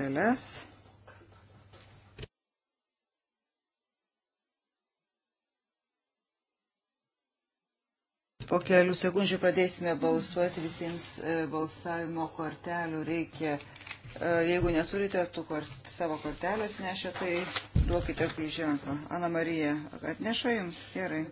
korteles. Po kelių sekundžių pradėsime balsuoti, visiems e, balsavimo kortelių reikia. E, jeigu neturite tų kort, savo kortelės nešę, tai duokite ženklą. Ana Marija atneša jums? Gerai.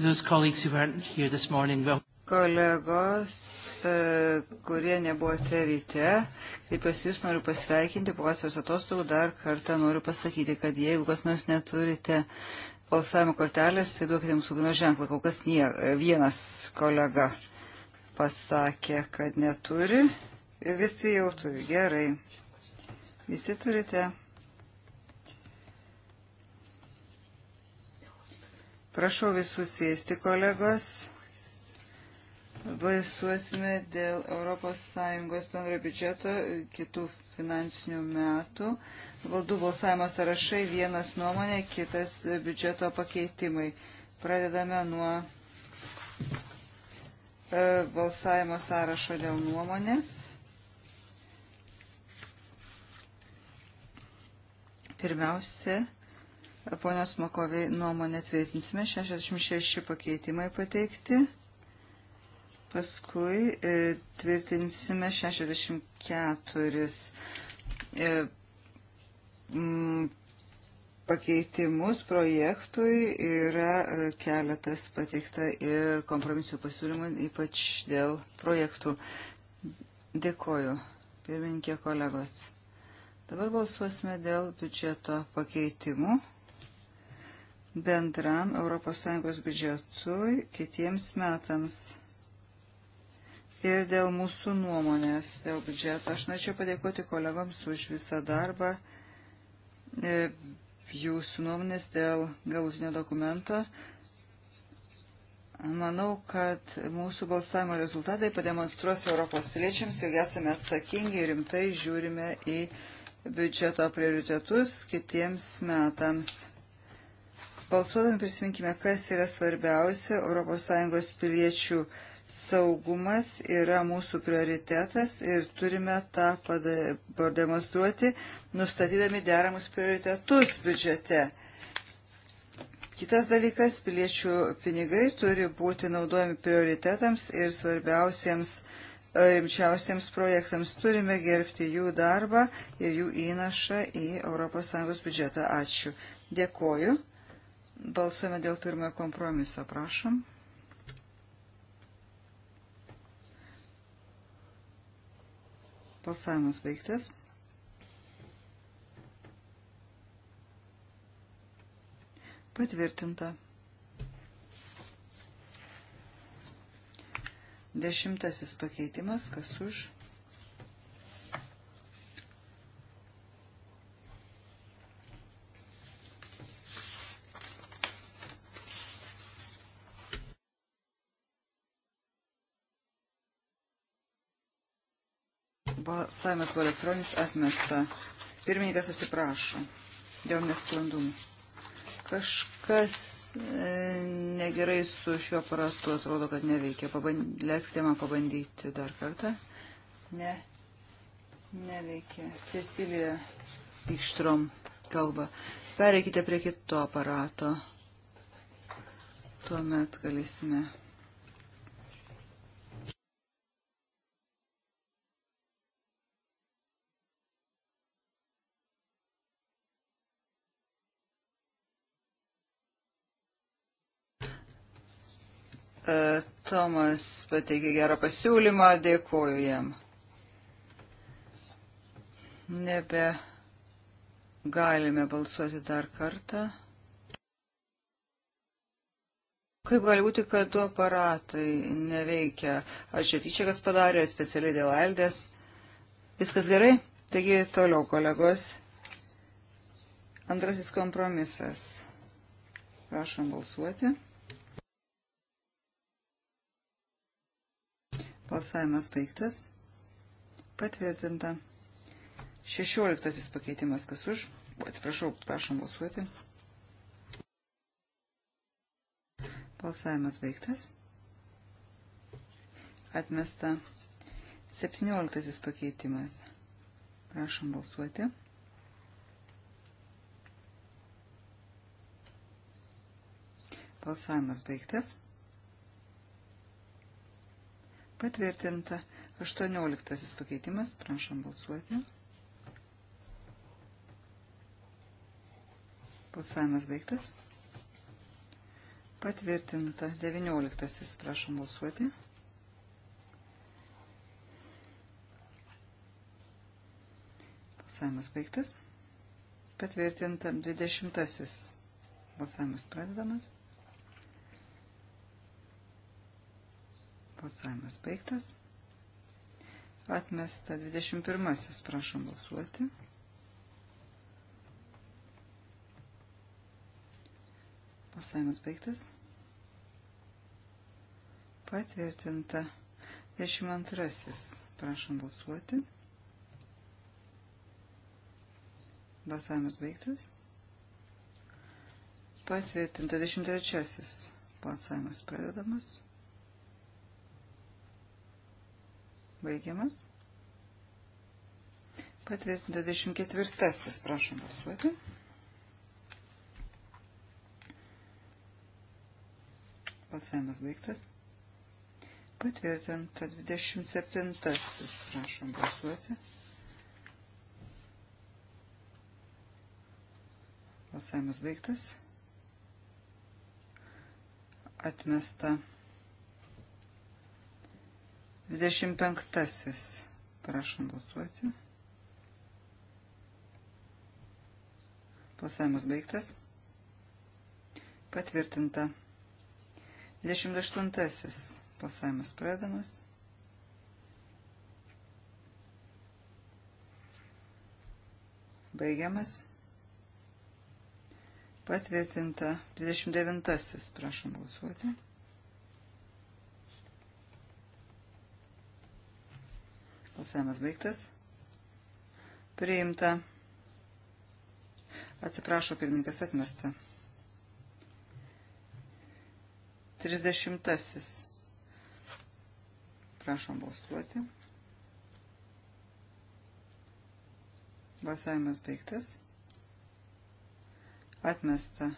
to those colleagues who weren't here this morning. Well... Kolegos, e, kurie nebuvote ryte, kreipiuosi jūs noriu pasveikinti po vasaros atostogų, dar kartą noriu pasakyti, kad jeigu kas nors neturite balsavimo kortelės, tai duokite mums ugno ženklą. Kol kas nie, vienas kolega pasakė, kad neturi, visi jau turi, gerai. Visi turite. Prašau visus sėsti, kolegos. Balsuosime dėl ES bendro biudžeto kitų finansinių metų. Valdų balsavimo sąrašai vienas nuomonė, kitas biudžeto pakeitimai. Pradedame nuo e, balsavimo sąrašo dėl nuomonės. Pirmiausia, Ponios Makoviai nuomonę tvirtinsime. 66 pakeitimai pateikti. Paskui e, tvirtinsime 64 e, pakeitimus projektui yra e, keletas pateikta ir kompromisų pasiūlymų, ypač dėl projektų. Dėkoju, pirmininkė kolegos. Dabar balsuosime dėl biudžeto pakeitimų bendram ES biudžetui kitiems metams. Ir dėl mūsų nuomonės, dėl biudžeto, aš norėčiau padėkoti kolegoms už visą darbą, e, jūsų nuomonės dėl galutinio dokumento. Manau, kad mūsų balsavimo rezultatai pademonstruos Europos piliečiams, jog esame atsakingi ir rimtai žiūrime į biudžeto prioritetus kitiems metams. Balsuodami prisiminkime, kas yra svarbiausia. ES piliečių saugumas yra mūsų prioritetas ir turime tą pademonstruoti, nustatydami deramus prioritetus biudžete. Kitas dalykas - piliečių pinigai turi būti naudojami prioritetams ir svarbiausiems e, rimčiausiems projektams. Turime gerbti jų darbą ir jų įnašą į ES biudžetą. Ačiū. Dėkoju. Balsuojame dėl pirmojo kompromiso, prašom. Balsavimas baigtas. Patvirtinta. Dešimtasis pakeitimas, kas už? Balsavimas buvo elektroninis atmesta. Pirmininkas atsiprašo dėl nesklandumų. Kažkas e, negerai su šiuo aparatu atrodo, kad neveikia. Paband... Leiskite man pabandyti dar kartą. Ne, neveikia. Cecilija Pikštrom kalba. Pereikite prie kito aparato. Tuomet galėsime E, Tomas pateikė gerą pasiūlymą, dėkoju jam. Nebe galime balsuoti dar kartą. Kaip gali būti, kad du aparatai neveikia? Ar čia tyčia kas padarė, specialiai dėl Aldės? Viskas gerai? Taigi toliau, kolegos. Antrasis kompromisas. Prašom balsuoti. Balsavimas baigtas. Patvirtinta. 16 pakeitimas kas už. Atsiprašau, prašom balsuoti. Balsavimas baigtas. Atmesta. 17 pakeitimas. Prašom balsuoti. Balsavimas baigtas. Patvirtinta. 18 pakeitimas. Prašom balsuoti. Balsavimas baigtas. Patvirtinta. 19. Prašom balsuoti. Balsavimas baigtas. Patvirtinta. 20. Balsavimas pradedamas. Balsavimas baigtas. Atmesta 21. Prašom balsuoti. Balsavimas baigtas. Patvirtinta 22. Prašom balsuoti. Balsavimas baigtas. Patvirtinta 23. Balsavimas pradedamas. Baigiamas. Patvirtinta 24. Prašom balsuoti. Balsavimas baigtas. Patvirtinta 27. Prašom balsuoti. Balsavimas baigtas. Atmesta 27. 25. Prašom balsuoti. Balsavimas baigtas. Patvirtinta. 28. Balsavimas pradedamas. Baigiamas. Patvirtinta. 29. Prašom balsuoti. Balsavimas baigtas. Priimta. Atsiprašo, pirmininkas atmesta. 30. Prašom balsuoti. Balsavimas baigtas. Atmesta.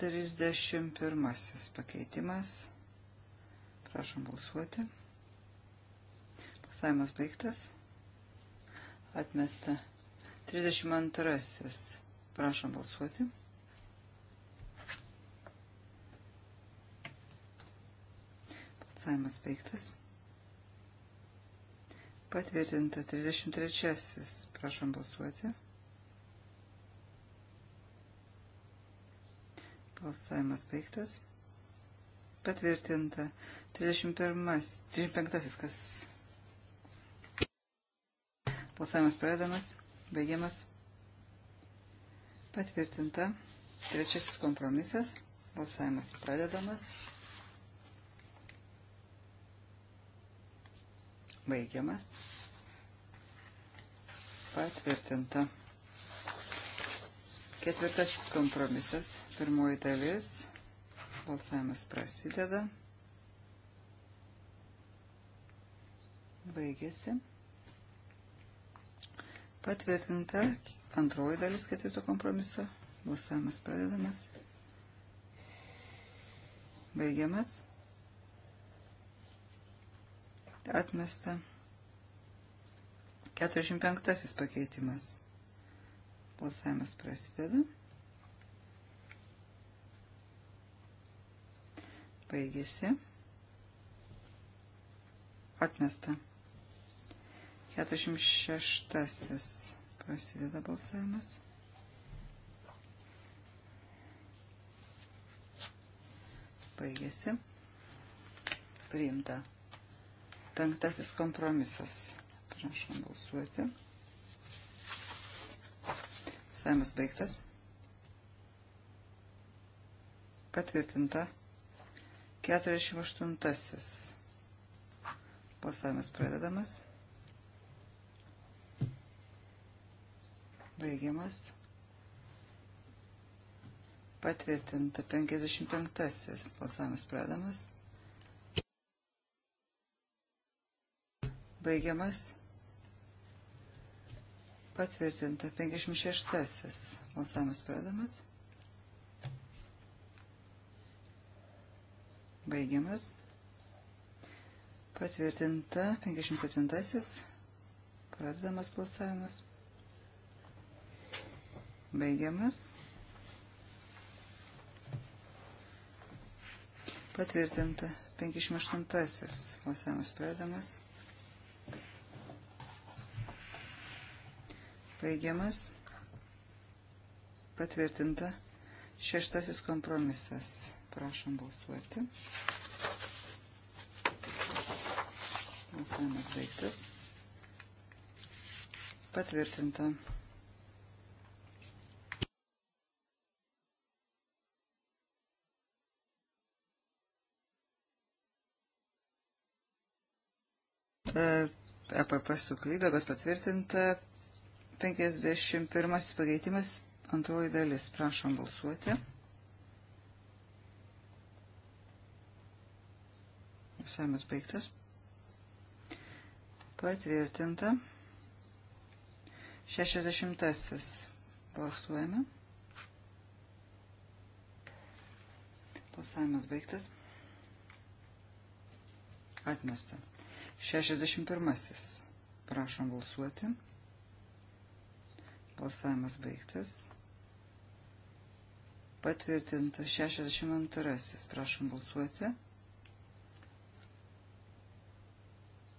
31 pakeitimas. Prašom balsuoti. Saimas baigtas. Atmesta. 32. Prašom balsuoti. Balsavimas baigtas. Patvirtinta 33. Prašom balsuoti. Balsavimas baigtas. Patvirtinta 31. 35. Kas Balsavimas pradedamas, baigiamas. Patvirtinta. Trečiasis kompromisas. Balsavimas pradedamas. Baigiamas. Patvirtinta. Ketvirtasis kompromisas. Pirmoji dalis. Balsavimas prasideda. Baigėsi. Patvirtinta antroji dalis ketvirto kompromiso. Balsavimas pradedamas. Baigiamas. Atmesta. 45 pakeitimas. Balsavimas prasideda. Baigėsi. Atmesta. 46. Prasideda balsavimas. Baigėsi. Priimta. Penktasis kompromisas. Prašom balsuoti. Saimas baigtas. Patvirtinta. 48. Pasavimas pradedamas. Baigiamas. Patvirtinta 55. Balsavimas pradamas. Baigiamas. Patvirtinta 56. Balsavimas pradamas. Baigiamas. Patvirtinta 57. Pradedamas balsavimas. Baigiamas. Patvirtinta 58. Balsavimas pradedamas. Baigiamas. Patvirtinta. Šeštasis kompromisas. Prašom balsuoti. Balsavimas baigtas. Patvirtinta. EPP suklydo, bet patvirtinta 51 pakeitimas antroji dalis. Prašom balsuoti. Visavimas baigtas. Patvirtinta. 60. Balsuojame. Balsavimas baigtas. Atmesta. 61. Prašom balsuoti. Balsavimas baigtas. Patvirtinta 62. Prašom balsuoti.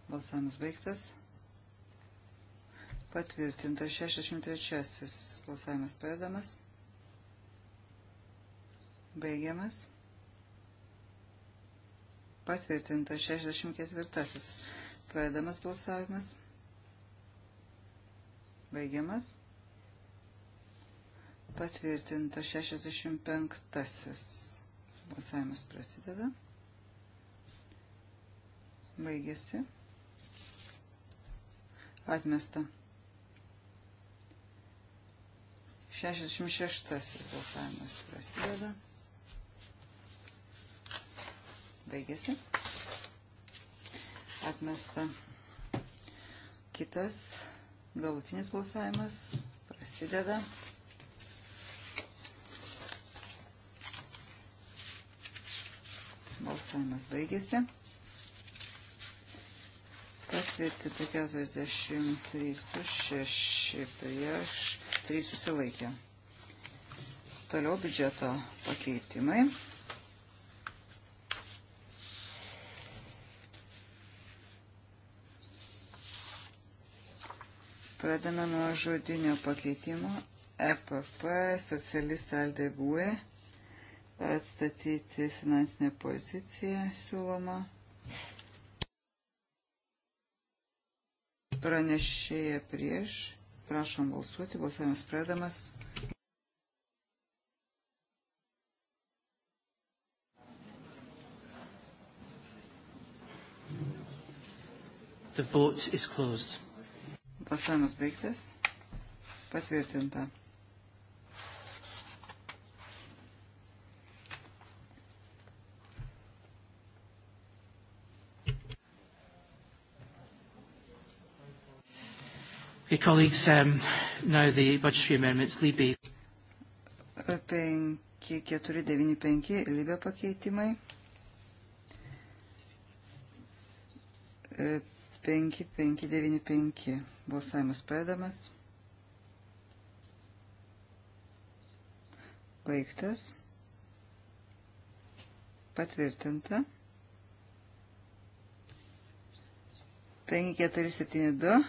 Balsavimas baigtas. Patvirtinta 63. Balsavimas paėdamas. Baigiamas patvirtinta 64. Pradedamas balsavimas. Baigiamas. Patvirtinta 65. Balsavimas prasideda. Baigėsi. Atmesta. 66. Balsavimas prasideda. Baigėsi. Atmesta. Kitas galutinis balsavimas prasideda. Balsavimas baigėsi. Patvirtinta 43 su 6 prieš 3 susilaikė. Toliau biudžeto pakeitimai. Pradame nuo žodinio pakeitimo. EPP, socialistą Aldegue, atstatyti finansinę poziciją siūloma. Pranešėja prieš. Prašom balsuoti. Balsavimas pradamas. The vote is closed. Balsavimas baigtas. Patvirtinta. Hey, colleagues, um, now the budgetary amendments, Libby. 5495 Libė pakeitimai. E, 5595. Balsavimas pradedamas. Baigtas. Patvirtinta. 5472.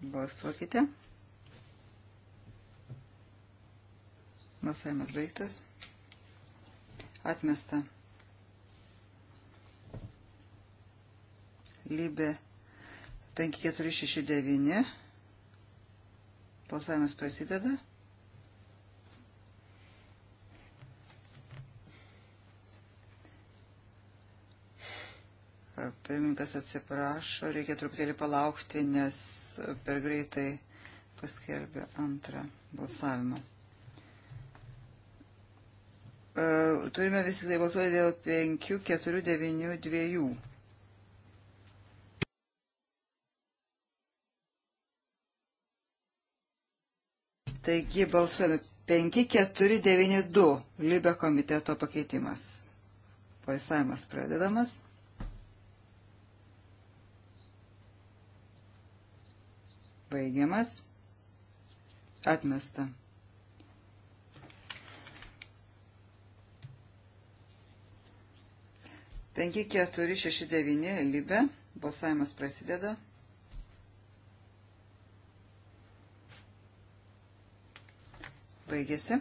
Balsuokite. Balsavimas baigtas. Atmesta. Libė 5469. Balsavimas prasideda. Pirmininkas atsiprašo, reikia truputėlį palaukti, nes per greitai paskelbė antrą balsavimą. E, turime vis tik tai balsuoti dėl 5, 4, 9, 2. Taigi balsuojame 5492 Libė komiteto pakeitimas. Balsavimas pradedamas. Baigiamas. Atmesta. Penki, keturi, šeši, devyni, libe. Balsavimas prasideda. Baigėsi.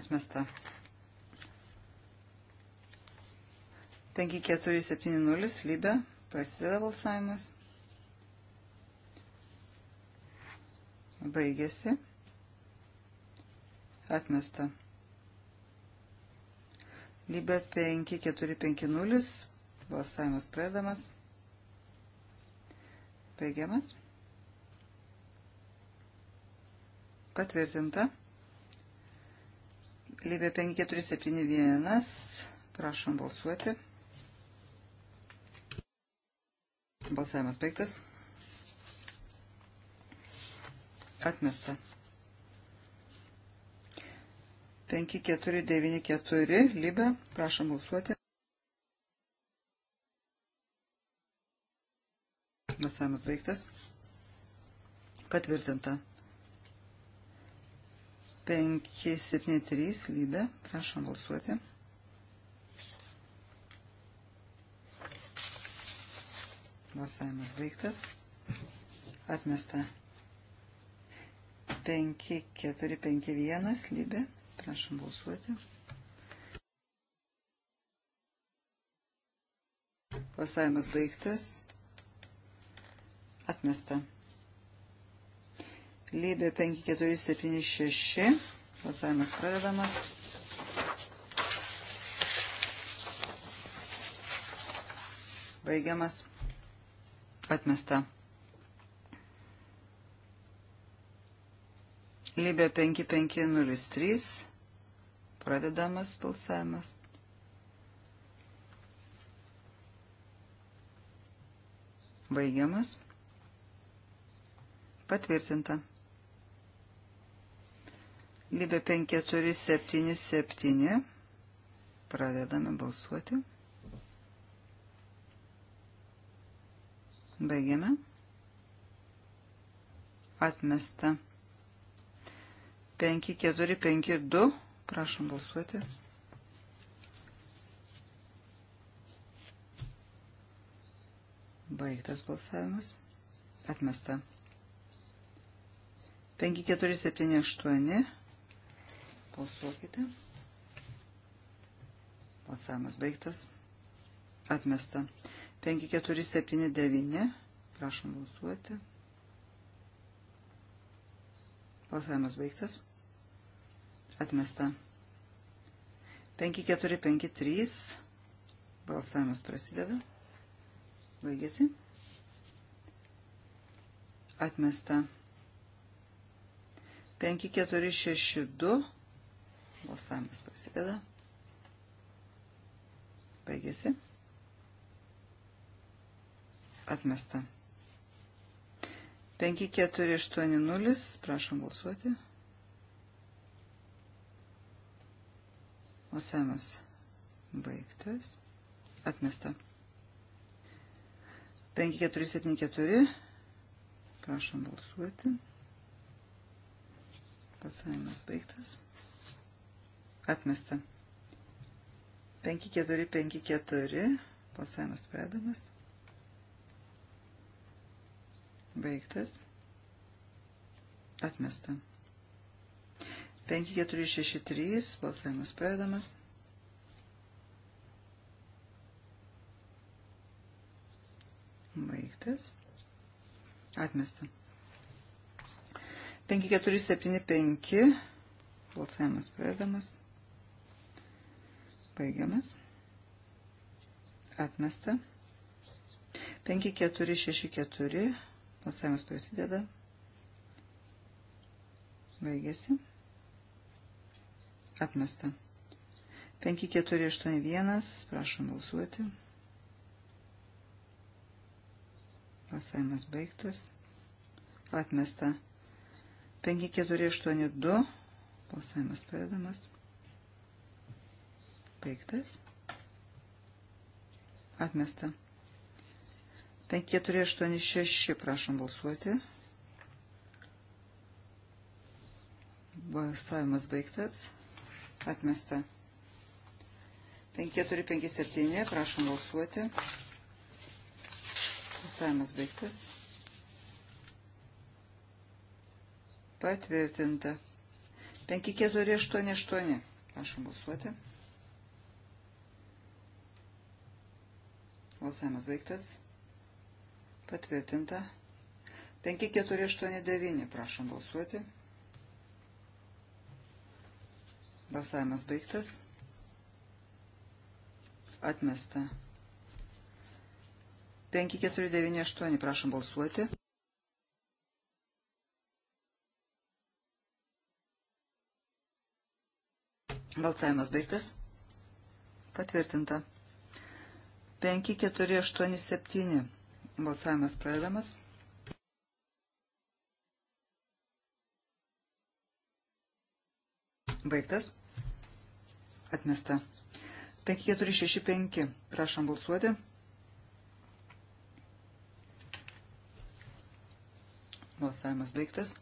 Atmesta. 5470 lybė. Prasideda balsavimas. Baigėsi. Atmesta. Lybė 5450. Balsavimas pradedamas. Baigiamas. Patvirtinta. Lybė 5471. Prašom balsuoti. Balsavimas baigtas. Atmesta. 5494. Lybė. Prašom balsuoti. Balsavimas baigtas. Patvirtinta. 573 lybė. Prašom balsuoti. Balsavimas baigtas. Atmesta. 5451 lybė. Prašom balsuoti. Balsavimas baigtas. Atmesta. Lybė 5476. Balsavimas pradedamas. Baigiamas. Atmesta. Lybė 5503. Pradedamas balsavimas. Baigiamas. Patvirtinta. Libė 5477. Pradedame balsuoti. Baigiame. Atmesta. 5452. Prašom balsuoti. Baigtas balsavimas. Atmesta. 5478. Balsuokite. Balsavimas baigtas. Atmesta. 5479. Prašom balsuoti. Balsavimas baigtas. Atmesta. 5453. Balsavimas prasideda. Baigėsi. Atmesta. 5462. Balsavimas prasideda. Baigėsi. Atmesta. 5480, prašom balsuoti. Balsavimas baigtas. Atmesta. 5474, prašom balsuoti. Balsavimas baigtas. Atmesta. 5454. Balsavimas pradamas. Baigtas. Atmesta. 5463. Balsavimas pradamas. Baigtas. Atmesta. 5475. Balsavimas pradamas. Baigiamas. Atmesta. 5464. Balsavimas prasideda. Baigėsi. Atmesta. 5481. Prašom balsuoti. Balsavimas baigtas. Atmesta. 5482. Balsavimas pradedamas. Baigtas. Atmesta. 5486, prašom balsuoti. Balsavimas baigtas. Atmesta. 5457, prašom balsuoti. Balsavimas baigtas. Patvirtinta. 5488, prašom balsuoti. Balsavimas baigtas. Patvirtinta. 5489. Prašom balsuoti. Balsavimas baigtas. Atmesta. 5498. Prašom balsuoti. Balsavimas baigtas. Patvirtinta. 5487. Balsavimas pradedamas. Baigtas. Atmesta. 5465. Prašom balsuoti. Balsavimas baigtas.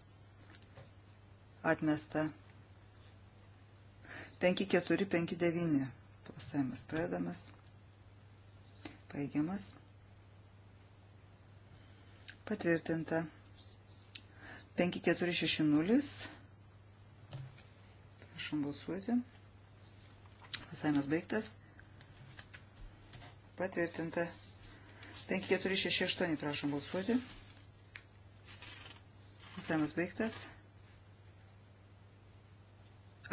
Atmesta. 5459. Balsavimas pradedamas. Baigiamas. Patvirtinta. 5460. Prašom balsuoti. Pasavimas baigtas. Patvirtinta. 5468. Prašom balsuoti. Pasavimas baigtas.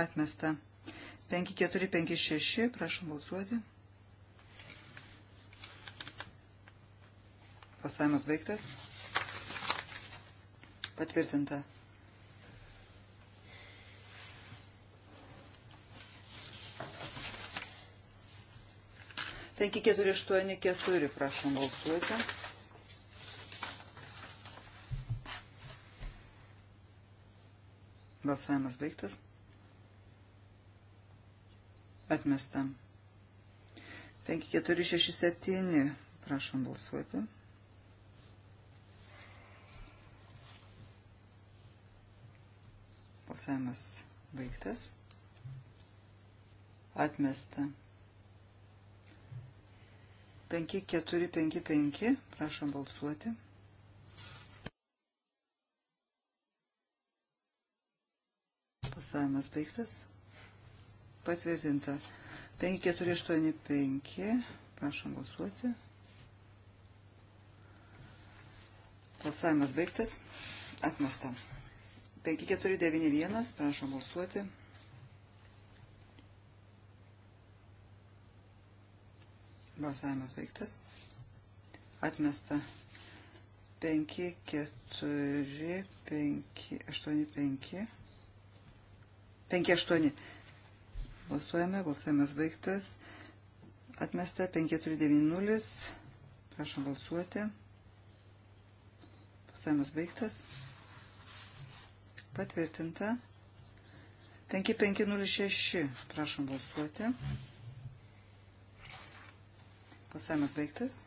Atmesta. 5456. Prašom balsuoti. Pasavimas baigtas. Patvirtinta. Penki keturi aštuoni keturi, prašom balsuoti. Balsavimas baigtas. Atmestam. 5467. Prašom balsuoti. Balsavimas baigtas. Atmesta. 5455, prašom balsuoti. Pasavimas baigtas. Patvirtinta. 5485, prašom balsuoti. Balsavimas baigtas. Atmesta. 5491, prašom balsuoti. Balsavimas baigtas. Atmesta 5, 4, 5, 8, 5, 5, 8. Balsuojame, balsavimas baigtas. Atmesta 5490. Prašom balsuoti. Balsavimas baigtas. Patvirtinta. 5506. Prašom balsuoti. Pasavimas baigtas.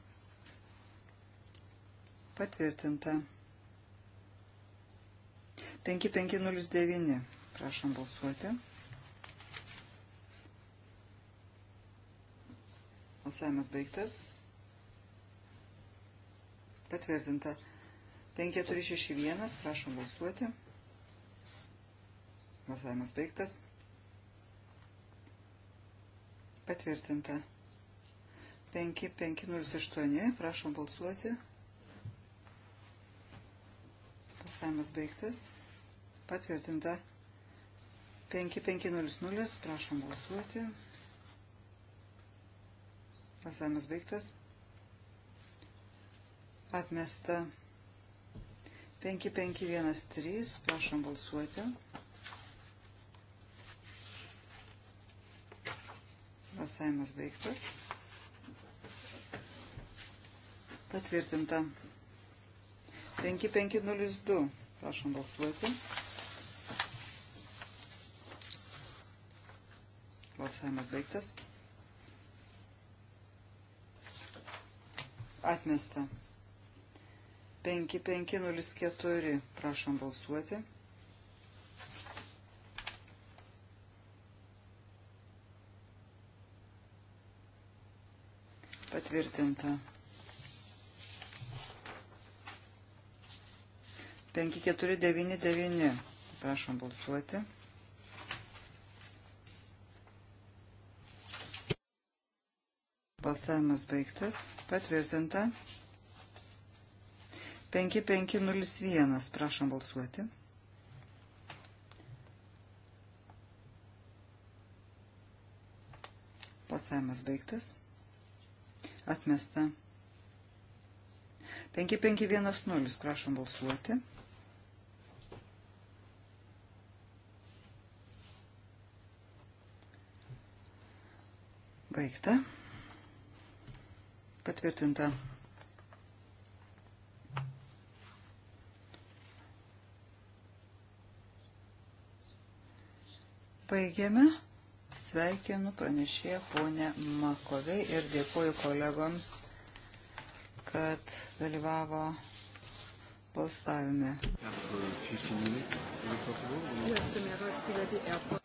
Patvirtinta. 5509. Prašom balsuoti. Balsavimas baigtas. Patvirtinta. 5461. Prašom balsuoti. Balsavimas baigtas. Patvirtinta. 5508. Prašom balsuoti. Balsavimas baigtas. Patvirtinta. 5500. Prašom balsuoti. Balsavimas baigtas. Atmesta. 5513. Prašom balsuoti. Balsuoti. Balsavimas baigtas. Patvirtinta. 5502. Prašom balsuoti. Balsavimas baigtas. Atmesta. 5504. Prašom balsuoti. patvirtinta. 5499. Prašom balsuoti. Balsavimas baigtas. Patvirtinta. 5501. Prašom balsuoti. Balsavimas baigtas. Atmesta. 5510, prašom balsuoti. Baigta. Patvirtinta. Baigiame. Sveikinu pranešėją ponę Makovei ir dėkuoju kolegoms, kad dalyvavo balsavime. Yes,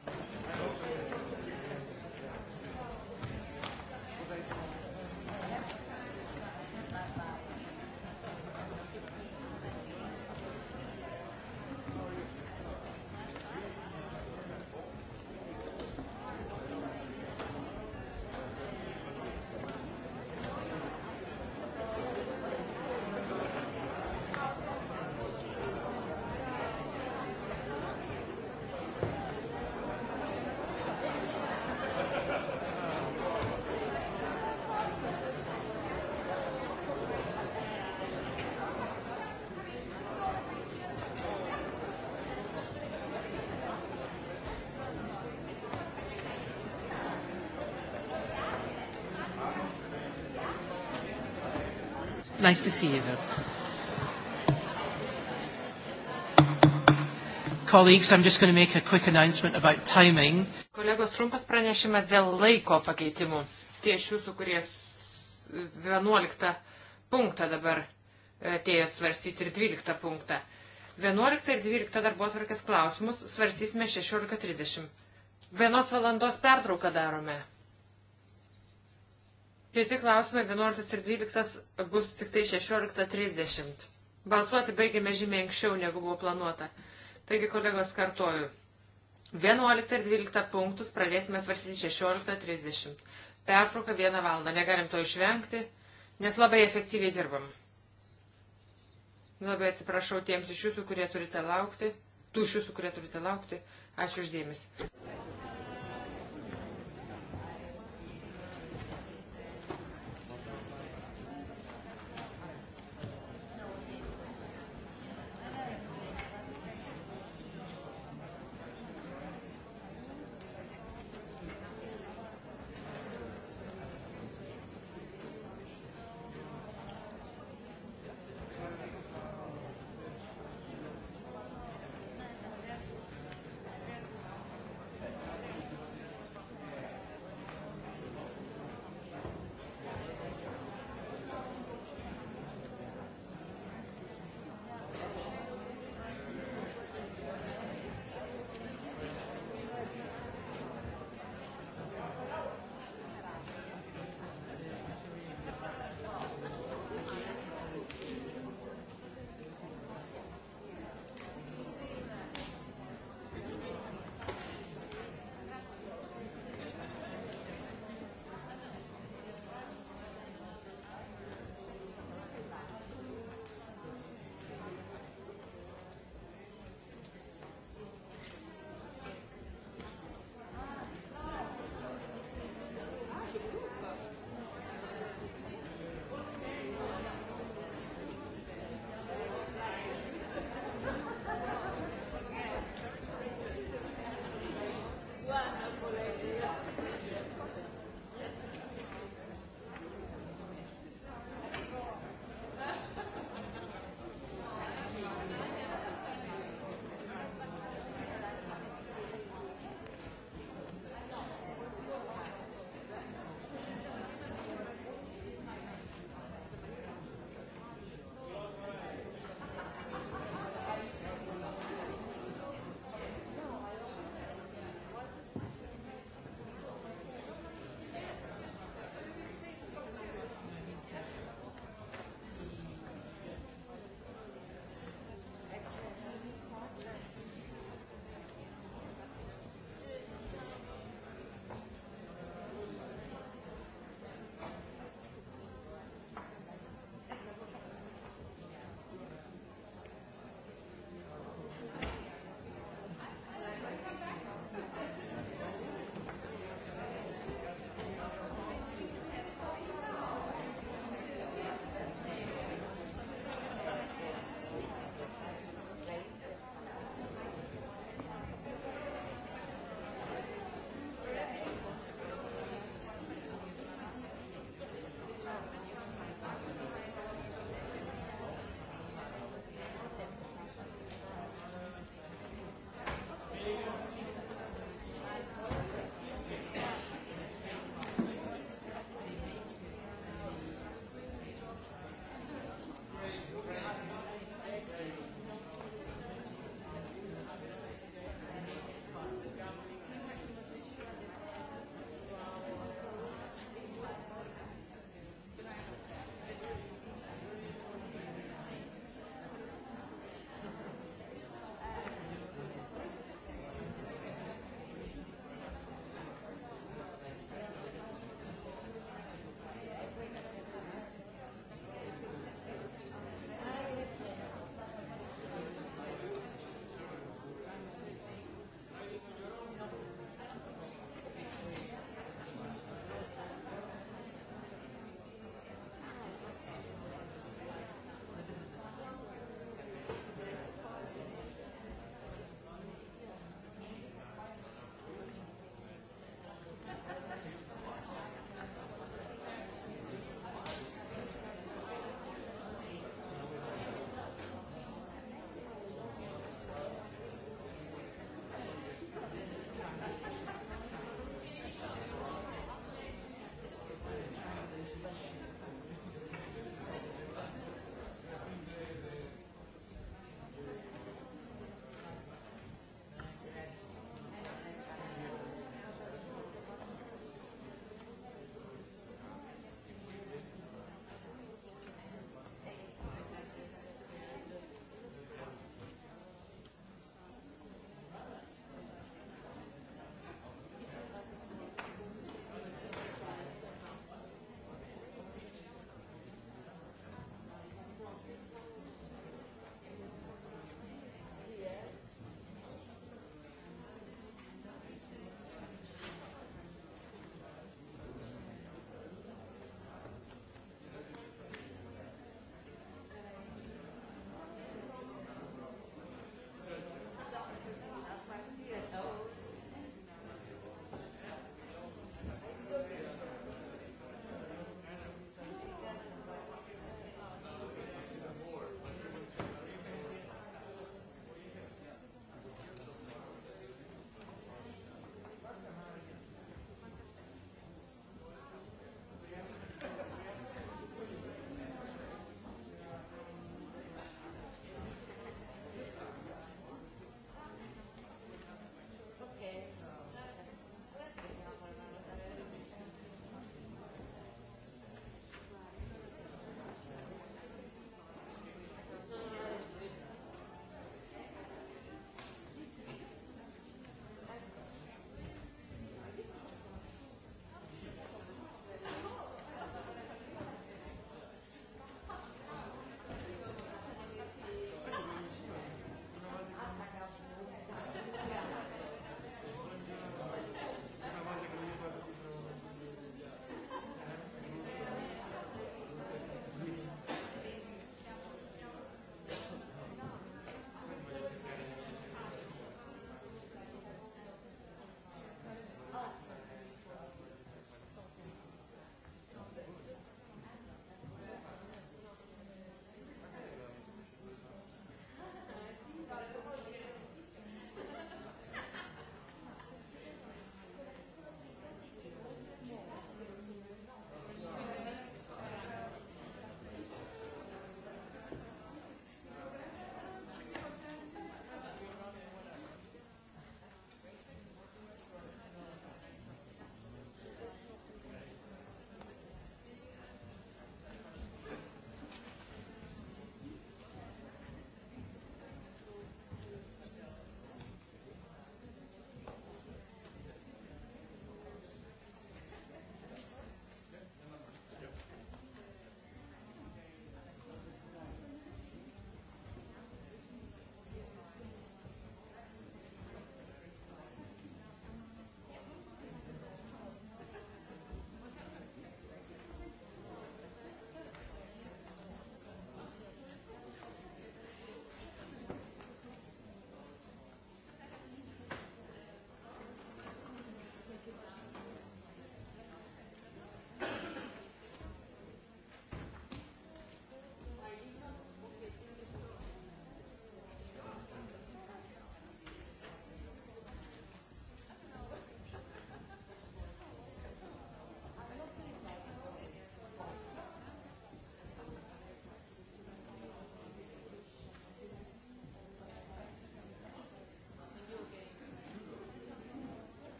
Nice to see you, though. Colleagues, I'm just going to make a quick announcement about timing. Kolegos, trumpas pranešimas dėl laiko pakeitimų. Tie iš jūsų, kurie 11 punktą dabar e, atėjot svarstyti ir 12 punktą. 11 ir 12 darbo atvarkės klausimus svarstysime 16.30. Vienos valandos pertrauką darome. Kiti klausimai 11 ir 12 bus tik tai 16.30. Balsuoti baigėme žymiai anksčiau, negu buvo planuota. Taigi, kolegos, kartoju. 11 ir 12 punktus pradėsime svarstyti 16.30. Pertrauka vieną valandą. Negalim to išvengti, nes labai efektyviai dirbam. Labai atsiprašau tiems iš jūsų, kurie turite laukti, tų iš jūsų, kurie turite laukti. Ačiū uždėmesi.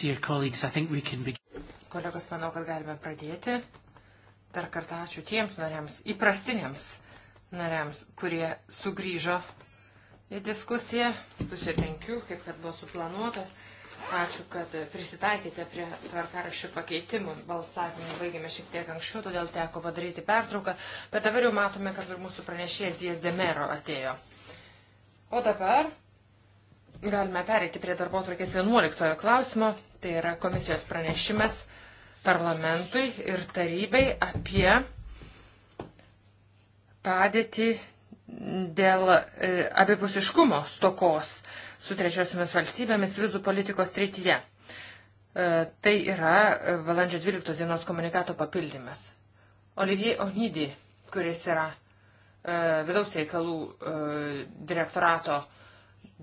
Dear colleagues, I think we can begin. Kolegos, manau, kad galime pradėti. Dar kartą ačiū tiems nariams, įprastiniams nariams, kurie sugrįžo į diskusiją. Pusė penkių, kaip kad buvo suplanuota. Ačiū, kad prisitaikėte prie tvarkaraščių pakeitimų. Balsavimą baigėme šiek tiek anksčiau, todėl teko padaryti pertrauką. Bet dabar jau matome, kad ir mūsų pranešėjas Dies Demero atėjo. O dabar galime pereiti prie darbo tvarkės 11 klausimo tai yra komisijos pranešimas parlamentui ir tarybai apie padėtį dėl e, abipusiškumo stokos su trečiosiomis valstybėmis vizų politikos srityje. E, tai yra valandžio 12 dienos komunikato papildymas. Olivier Onidi, kuris yra e, vidaus reikalų direktorato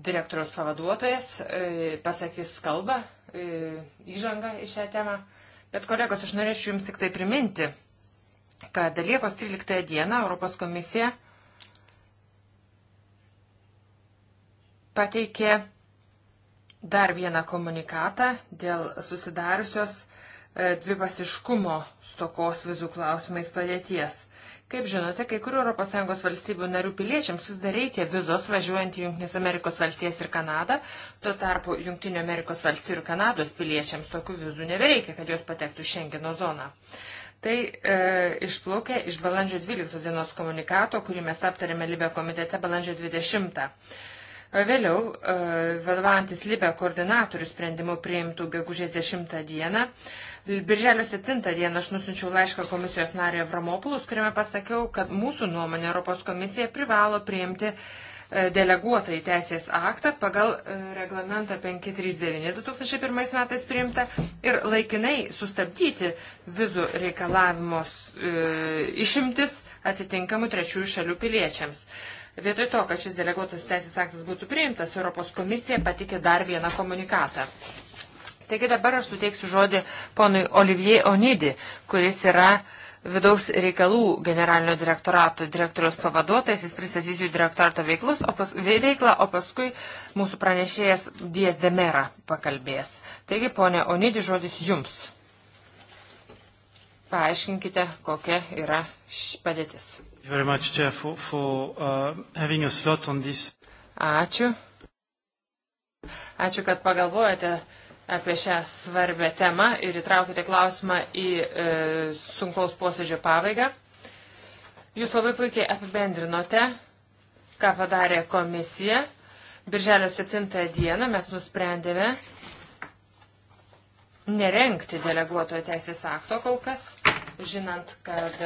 direktoriaus pavaduotojas, pasakys kalbą E, įžangą į šią temą. Bet kolegos, aš norėčiau Jums tik tai priminti, kad Liepos 13 dieną Europos komisija pateikė dar vieną komunikatą dėl susidariusios e, dvipasiškumo stokos vizų klausimais padėties. Kaip žinote, kai kurių ES valstybių narių piliečiams vis dar reikia vizos važiuojant į Junktinės Amerikos valstijas ir Kanadą, tuo tarpu Junktinio Amerikos valstijų ir Kanados piliečiams tokių vizų nebereikia, kad jos patektų Šengeno zoną. Tai e, išplaukė iš balandžio 12 dienos komunikato, kurį mes aptarėme Libė komitete balandžio 20. Vėliau, vadovantis Libe koordinatorių sprendimų priimtų gegužės 10 dieną, Birželio 7 dieną aš nusinčiau laišką komisijos narė Vramopulus, kuriame pasakiau, kad mūsų nuomonė Europos komisija privalo priimti e, deleguotą į teisės aktą pagal e, reglamentą 539 2001 metais priimta ir laikinai sustabdyti vizų reikalavimus e, išimtis atitinkamų trečiųjų šalių piliečiams. Vietoj to, kad šis deleguotas teisės aktas būtų priimtas, Europos komisija patikė dar vieną komunikatą. Taigi dabar aš suteiksiu žodį ponui Olivier Onidi, kuris yra vidaus reikalų generalinio direktorato direktoriaus pavaduotojas, jis pristatys jų direktorato veiklus, o pas, veiklą, o paskui mūsų pranešėjas Dies Demera pakalbės. Taigi, ponė Onidi, žodis jums. Paaiškinkite, kokia yra padėtis. Much, Chair, for, for, uh, Ačiū. Ačiū, kad pagalvojate apie šią svarbę temą ir įtraukite klausimą į e, sunkaus posėdžio pabaigą. Jūs labai puikiai apibendrinote, ką padarė komisija. Birželio 7 dieną mes nusprendėme nerenkti deleguotojo teisės akto kol kas, žinant, kad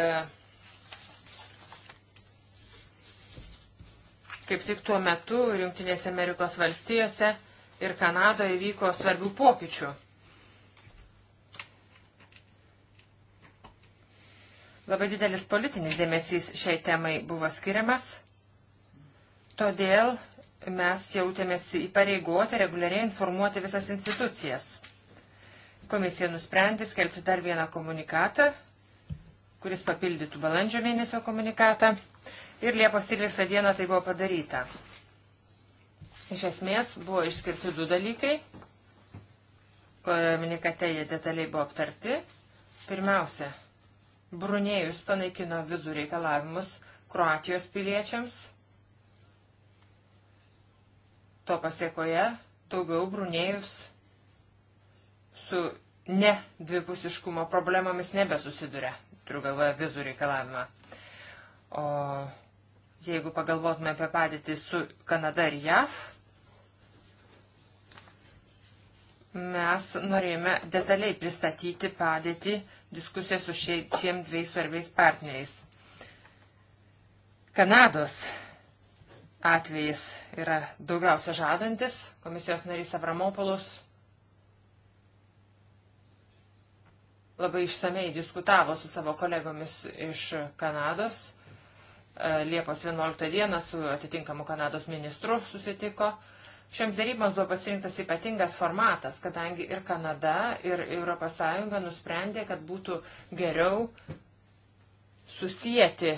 Kaip tik tuo metu Junktinėse Amerikos valstijose ir Kanadoje vyko svarbių pokyčių. Labai didelis politinis dėmesys šiai temai buvo skiriamas, todėl mes jautėmės įpareigoti reguliariai informuoti visas institucijas. Komisija nusprendė skelbti dar vieną komunikatą, kuris papildytų balandžio mėnesio komunikatą ir Liepos 13 dieną tai buvo padaryta. Iš esmės buvo išskirti du dalykai, komunikate jie detaliai buvo aptarti. Pirmiausia, Brunėjus panaikino vizų reikalavimus Kroatijos piliečiams. To pasiekoje daugiau Brunėjus su ne dvipusiškumo problemomis nebesusiduria, turiu galvoje vizų reikalavimą. O Jeigu pagalvotume apie padėtį su Kanada ir JAV, mes norėjome detaliai pristatyti padėtį diskusiją su šiem dviejais svarbiais partneriais. Kanados atvejis yra daugiausia žadantis, komisijos narys Avramopolus labai išsamei diskutavo su savo kolegomis iš Kanados E, Liepos 11 dieną su atitinkamu Kanados ministru susitiko. Šiems darybams buvo pasirinktas ypatingas formatas, kadangi ir Kanada, ir ES nusprendė, kad būtų geriau susijęti,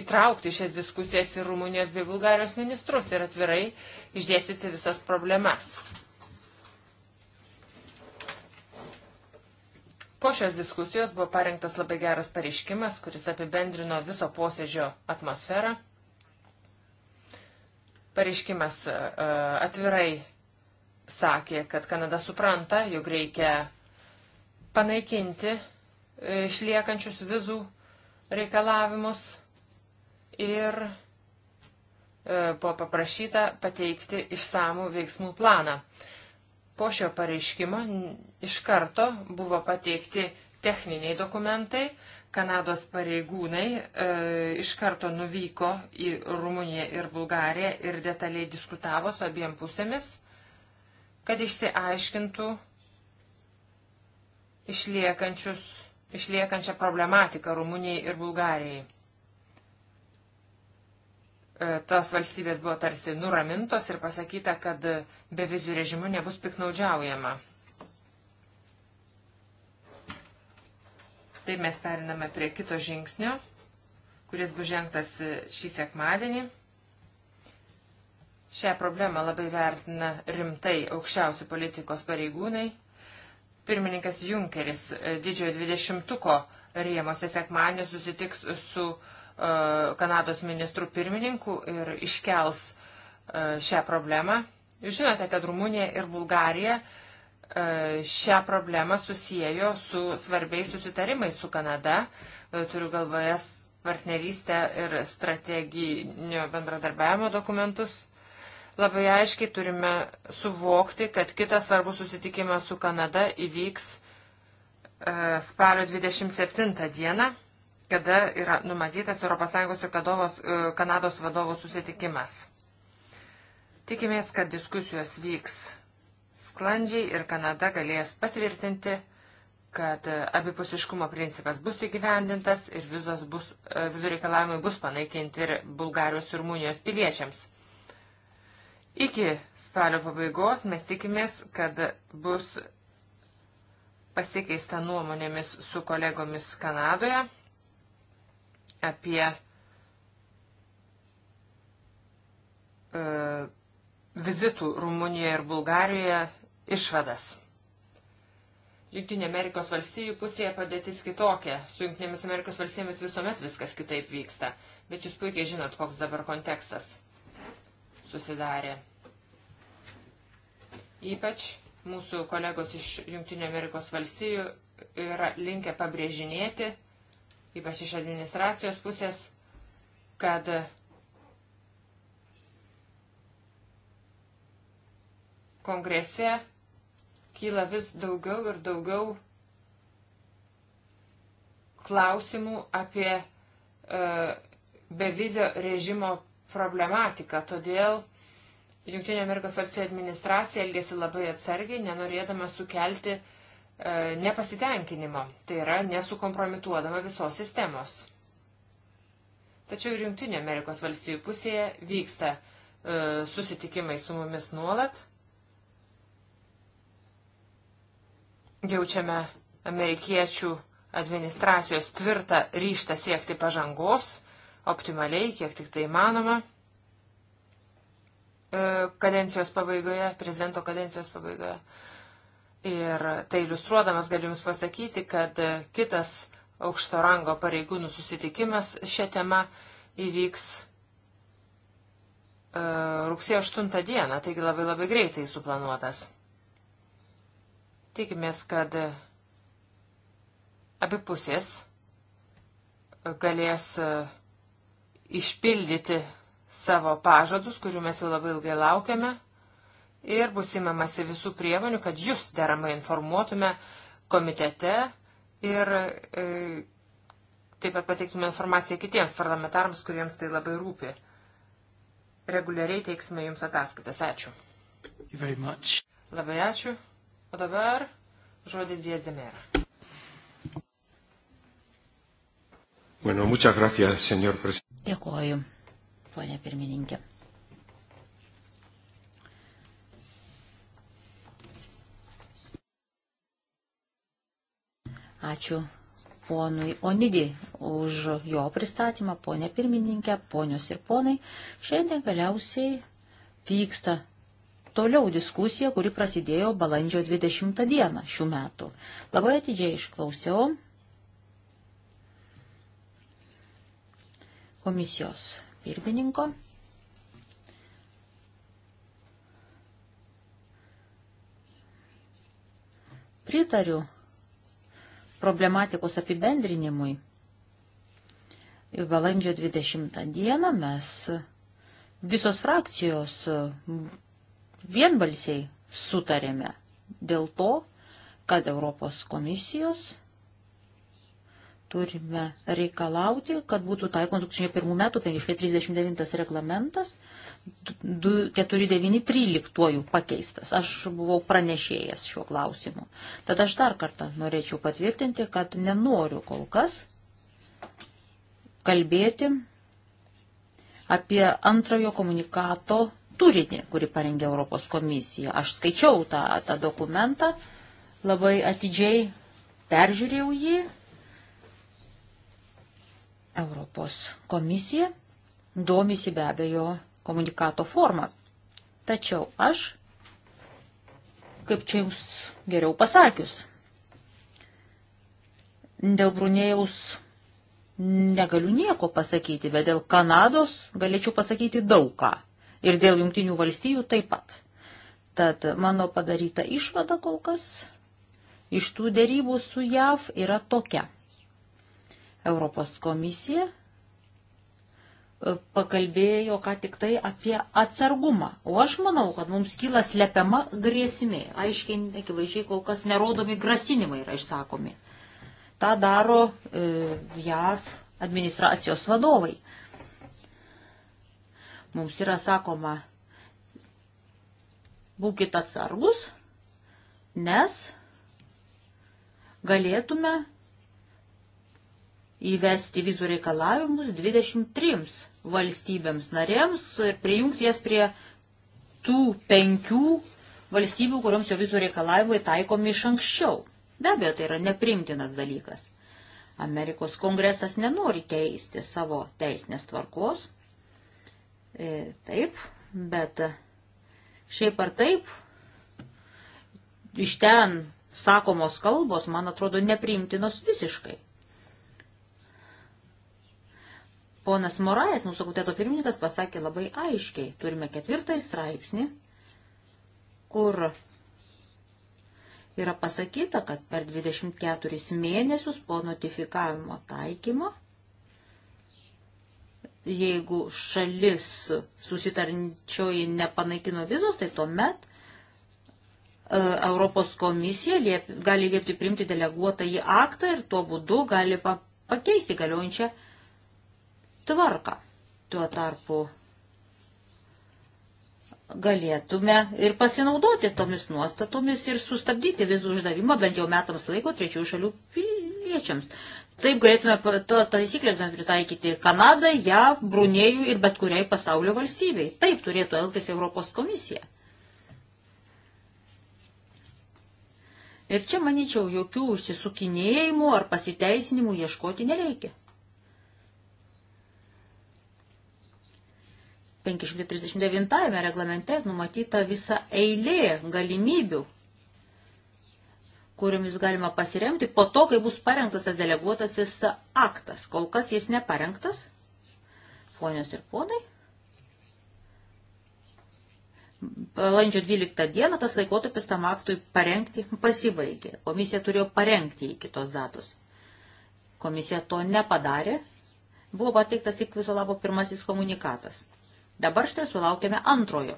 įtraukti šias diskusijas ir Rumunijos bei Bulgarijos ministrus ir atvirai išdėstyti visas problemas. Po šios diskusijos buvo parengtas labai geras pareiškimas, kuris apibendrino viso posėdžio atmosferą. Pareiškimas e, e, atvirai sakė, kad Kanada supranta, jog reikia panaikinti išliekančius vizų reikalavimus ir e, buvo paprašyta pateikti išsamų veiksmų planą. Po šio pareiškimo iš karto buvo pateikti techniniai dokumentai. Kanados pareigūnai e, iš karto nuvyko į Rumuniją ir Bulgariją ir detaliai diskutavo su abiem pusėmis, kad išsiaiškintų išliekančią problematiką Rumunijai ir Bulgarijai. E, tos valstybės buvo tarsi nuramintos ir pasakyta, kad be vizų režimu nebus piknaudžiaujama. Taip mes periname prie kito žingsnio, kuris bus žengtas e, šį sekmadienį. Šią problemą labai vertina rimtai aukščiausi politikos pareigūnai. Pirmininkas Junkeris e, didžiojo dvidešimtuko rėmose sekmanį susitiks su uh, E, Kanados ministrų pirmininkų ir iškels e, šią problemą. Žinote, kad Rumunija ir Bulgarija e, šią problemą susijėjo su svarbiais susitarimais su Kanada. Turiu galvoje partnerystę ir strateginio bendradarbiavimo dokumentus. Labai aiškiai turime suvokti, kad kitas svarbus susitikimas su Kanada įvyks spalio 27 dieną kada yra numatytas ES ir Kadovos, e, Kanados vadovų susitikimas. Tikimės, kad diskusijos vyks sklandžiai ir Kanada galės patvirtinti, kad e, abipusiškumo principas bus įgyvendintas ir vizos bus, e, vizų reikalavimai bus panaikinti ir Bulgarijos ir Rumunijos piliečiams. Iki spalio pabaigos mes tikimės, kad bus pasikeista nuomonėmis su kolegomis Kanadoje apie e, vizitų Rumunijoje ir Bulgarijoje išvadas. Junktinė Amerikos valstijų pusėje padėtis kitokia. Su Junktinėmis Amerikos valstijomis visuomet viskas kitaip vyksta. Bet jūs puikiai žinot, koks dabar kontekstas susidarė. Ypač mūsų kolegos iš Junktinė Amerikos valstijų yra linkę pabrėžinėti ypač iš administracijos pusės, kad kongrese kyla vis daugiau ir daugiau klausimų apie e, bevizio režimo problematiką. Todėl Junktinio Amerikos valstybių administracija elgėsi labai atsargiai, nenorėdama sukelti uh, E, nepasitenkinimo, tai yra nesukompromituodama visos sistemos. Tačiau ir Junktinio Amerikos valstybių pusėje vyksta e, susitikimai su mumis nuolat. Jaučiame amerikiečių administracijos tvirtą ryštą siekti pažangos optimaliai, kiek tik tai manoma. E, kadencijos pabaigoje, prezidento kadencijos pabaigoje. E, Ir tai iliustruodamas galiu Jums pasakyti, kad kitas aukšto rango pareigūnų susitikimas šią temą įvyks uh, rugsėjo 8 dieną, taigi labai labai greitai suplanuotas. Tikimės, kad abi pusės galės e, išpildyti savo pažadus, kurių mes jau labai ilgai laukiame ir bus įmamasi visų priemonių, kad jūs deramai informuotume komitete ir e, taip pat pateiktume informaciją kitiems parlamentarams, kuriems tai labai rūpi. Reguliariai teiksime jums ataskaitas. Ačiū. Labai ačiū. O dabar žodis Diezdemėra. Bueno, muchas gracias, señor presidente. Dėkuoju, ponė pirmininkė. Ačiū ponui Onidį už jo pristatymą, ponė pirmininkė, ponios ir ponai. Šiandien galiausiai vyksta toliau diskusija, kuri prasidėjo balandžio 20 dieną šių metų. Labai atidžiai išklausiau komisijos pirmininko. Pritariu problematikos apibendrinimui. Valandžio 20 dieną mes visos frakcijos vienbalsiai sutarėme dėl to, kad Europos komisijos turime reikalauti, kad būtų taikomas 2001 metų 539 reglamentas 4913 pakeistas. Aš buvau pranešėjęs šiuo klausimu. Tad aš dar kartą norėčiau patvirtinti, kad nenoriu kol kas kalbėti apie antrojo komunikato turinį, kurį parengė Europos komisija. Aš skaičiau tą, tą dokumentą, labai atidžiai peržiūrėjau jį Europos komisija domisi be abejo komunikato formą. Tačiau aš, kaip čia jums geriau pasakius, dėl Brunėjaus negaliu nieko pasakyti, bet dėl Kanados galėčiau pasakyti daug ką. Ir dėl jungtinių valstijų taip pat. Tad mano padaryta išvada kol kas iš tų dėrybų su JAV yra tokia. Europos komisija e, pakalbėjo ką tik tai apie atsargumą. O aš manau, kad mums kyla slepiama grėsmė. Aiškiai, akivaizdžiai, kol kas nerodomi grasinimai yra išsakomi. Ta daro e, JAV administracijos vadovai. Mums yra sakoma, būkite atsargus, nes galėtume įvesti vizų reikalavimus 23 valstybėms narėms ir prijungti jas prie tų penkių valstybių, kuriuoms jo vizų reikalavimai taikomi iš anksčiau. Be abejo, tai yra neprimtinas dalykas. Amerikos kongresas nenori keisti savo teisinės tvarkos. E, taip, bet šiaip ar taip, iš ten sakomos kalbos, man atrodo, neprimtinos visiškai. Ponas Morais, mūsų komiteto pirmininkas, pasakė labai aiškiai, turime ketvirtąjį straipsnį, kur yra pasakyta, kad per 24 mėnesius po notifikavimo taikymo, jeigu šalis susitarnčioji nepanaikino vizos, tai tuomet e, Europos komisija liep, gali liepti priimti deleguotą į aktą ir tuo būdu gali pakeisti galiojančią tvarką. Tuo tarpu galėtume ir pasinaudoti tomis nuostatomis ir sustabdyti vizų uždavimą bent jau metams laiko trečiųjų šalių piliečiams. Taip galėtume to taisyklę pritaikyti Kanadai, JAV, Brunėjų ir bet kuriai pasaulio valstybei. Taip turėtų elgtis Europos komisija. Ir čia, manyčiau, jokių užsisukinėjimų ar pasiteisinimų ieškoti nereikia. 539 reglamente numatyta visa eilė galimybių, kuriomis galima pasiremti po to, kai bus parengtas tas deleguotasis aktas. Kol kas jis neparengtas, ponios ir ponai. Balandžio 12 dieną tas laikotarpis tam aktui parengti pasibaigė. Komisija turėjo parengti iki tos datos. Komisija to nepadarė. Buvo pateiktas tik viso labo pirmasis komunikatas. Dabar štai sulaukėme antrojo.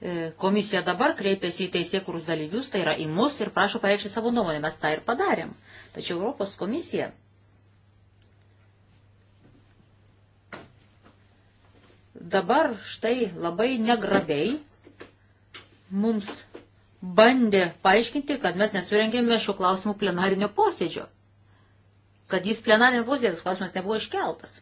E, komisija dabar kreipėsi į teisėkurus dalyvius, tai yra į mus ir prašo pareikšti savo nuomonę. Mes tą ir padarėm. Tačiau Europos komisija dabar štai labai negrabiai mums bandė paaiškinti, kad mes nesurengėme šių klausimų plenarinio posėdžio kad jis plenarinė posėdė, tas klausimas nebuvo iškeltas.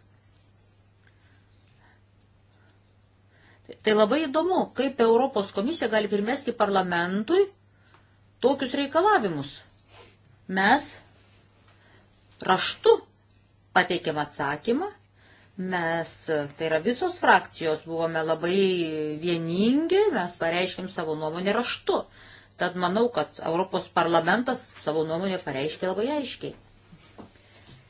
Tai labai įdomu, kaip Europos komisija gali primesti parlamentui tokius reikalavimus. Mes raštu pateikėm atsakymą, mes, tai yra visos frakcijos, buvome labai vieningi, mes pareiškėm savo nuomonę raštu. Tad manau, kad Europos parlamentas savo nuomonę pareiškė labai aiškiai.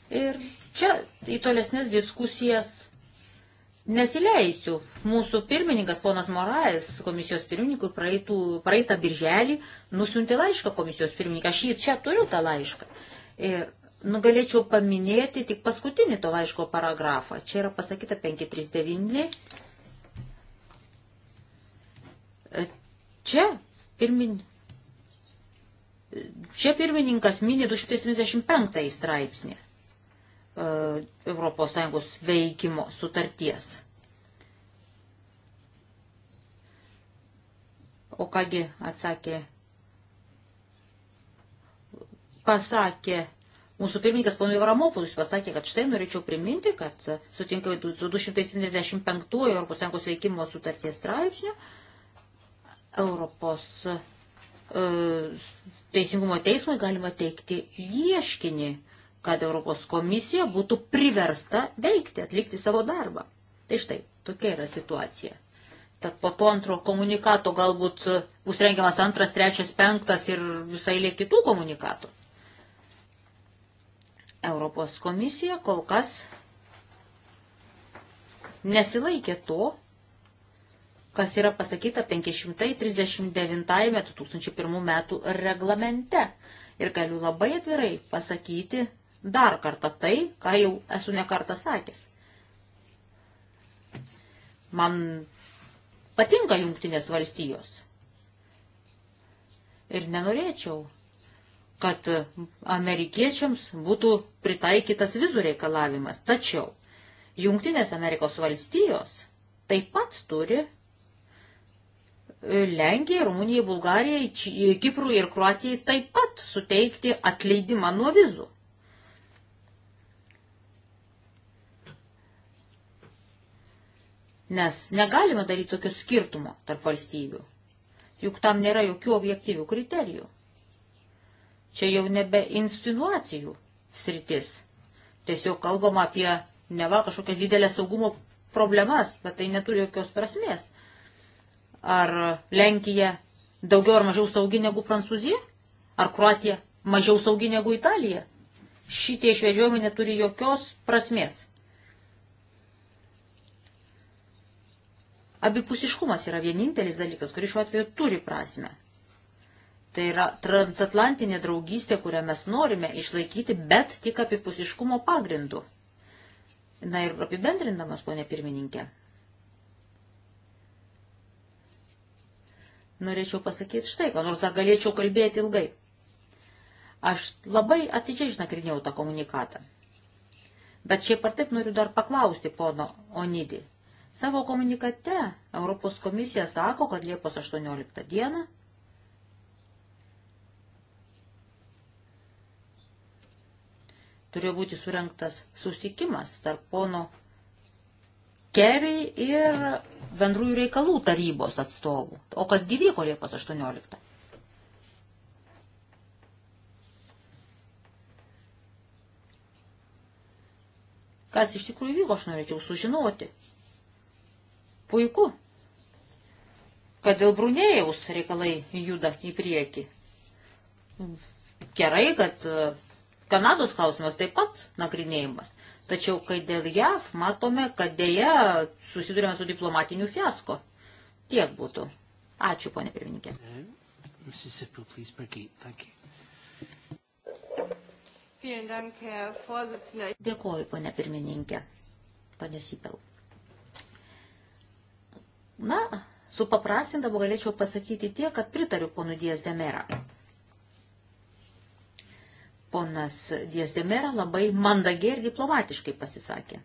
Ir čia į tolesnės diskusijas nesileisiu. Mūsų pirmininkas, ponas Morais, komisijos pirmininkui praeitų, praeitą birželį nusiuntė laišką komisijos pirmininką. Aš jį čia turiu tą laišką. Ir nu, galėčiau paminėti tik paskutinį to laiško paragrafą. Čia yra pasakyta 539. Čia, pirmin... čia pirmininkas minė 275 straipsnį. ES veikimo sutarties. O kągi atsakė, pasakė mūsų pirmininkas ponui Varamopulus, pasakė, kad štai norėčiau priminti, kad sutinkai su 275 ES veikimo sutarties straipsniu Europos e, teisingumo teismui galima teikti ieškinį kad Europos komisija būtų priversta veikti, atlikti savo darbą. Tai štai, tokia yra situacija. Tad po to antro komunikato galbūt bus rengiamas antras, trečias, penktas ir visai lė kitų komunikatų. Europos komisija kol kas nesilaikė to, kas yra pasakyta 539 2001 metų reglamente. Ir galiu labai atvirai pasakyti, dar kartą tai, ką jau esu nekartą sakęs. Man patinka jungtinės valstijos. Ir nenorėčiau, kad amerikiečiams būtų pritaikytas vizų reikalavimas. Tačiau Junktinės Amerikos valstijos taip pat turi Lenkijai, Rumunijai, Bulgarijai, Kiprui ir Kruatijai taip pat suteikti atleidimą nuo vizų. Nes negalime daryti tokio skirtumo tarp valstybių. Juk tam nėra jokių objektyvių kriterijų. Čia jau nebe insinuacijų sritis. Tiesiog kalbama apie neva kažkokias didelės saugumo problemas, bet tai neturi jokios prasmės. Ar Lenkija daugiau ar mažiau saugi negu Prancūzija? Ar Kroatija mažiau saugi negu Italija? Šitie išvežiojimai neturi jokios prasmės. Abipusiškumas yra vienintelis dalykas, kuris šiuo atveju turi prasme. Tai yra transatlantinė draugystė, kurią mes norime išlaikyti, bet tik apipusiškumo pagrindu. Na ir apibendrindamas, ponė pirmininkė, norėčiau pasakyti štai, ko nors dar galėčiau kalbėti ilgai. Aš labai atidžiai išnagrinėjau tą komunikatą. Bet šiaip ar taip noriu dar paklausti pono Onidį. Savo komunikate Europos komisija sako, kad Liepos 18 dieną turėjo būti surinktas susitikimas tarp pono Kerry ir bendrųjų reikalų tarybos atstovų. O kas gyvyko Liepos 18? Kas iš tikrųjų vyko, aš norėčiau sužinoti. Puiku, kad dėl Brunėjaus reikalai juda į priekį. Gerai, kad e, Kanados klausimas taip pat nagrinėjimas. Tačiau, kai dėl JAV matome, kad dėja susidurėme su diplomatiniu fiasko. Tiek būtų. Ačiū, ponė pirmininkė. Dėkuoju, ponė pirmininkė. Pane Sipel. Na, supaprastindama galėčiau pasakyti tiek, kad pritariu ponu Dies Demera. Ponas Dies Demera labai mandagiai ir diplomatiškai pasisakė.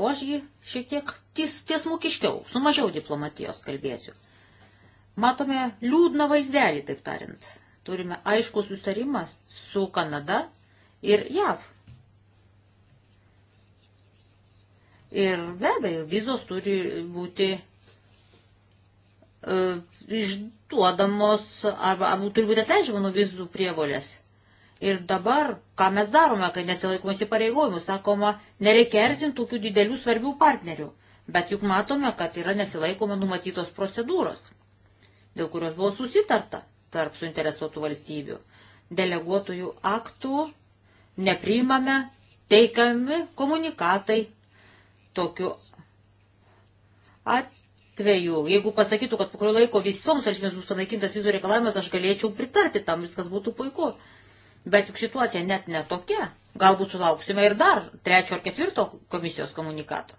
O aš jį šiek tiek ties, tiesmukiškiau, su mažiau diplomatijos kalbėsiu. Matome liūdną vaizdelį, taip tariant. Turime aišku sustarimą su Kanada ir JAV Ir be abejo, vizos turi būti e, išduodamos arba, arba turi būti atleidžiama nuo vizų prievolės. Ir dabar, ką mes darome, kai nesilaikomas įpareigojimų, sakoma, nereikia erzinti tokių didelių svarbių partnerių. Bet juk matome, kad yra nesilaikoma numatytos procedūros, dėl kurios buvo susitarta tarp suinteresuotų valstybių. Deleguotojų aktų nepriimame, teikiami komunikatai tokiu atveju, jeigu pasakytų, kad po kurio laiko visoms valstybėms bus panaikintas vizų reikalavimas, aš galėčiau pritarti tam, viskas būtų puiku. Bet juk situacija net netokia. Galbūt sulauksime ir dar trečio ar ketvirto komisijos komunikato.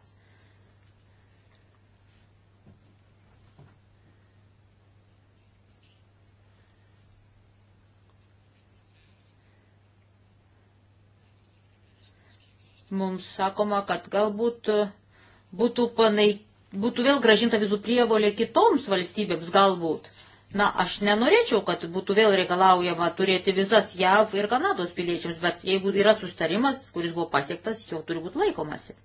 mums sakoma, kad galbūt e, būtų, panaik, būtų vėl gražinta vizų prievolė kitoms valstybėms galbūt. Na, aš nenorėčiau, kad būtų vėl reikalaujama turėti vizas JAV ir Kanados piliečiams, bet jeigu yra sustarimas, kuris buvo pasiektas, jo turi būti laikomasi.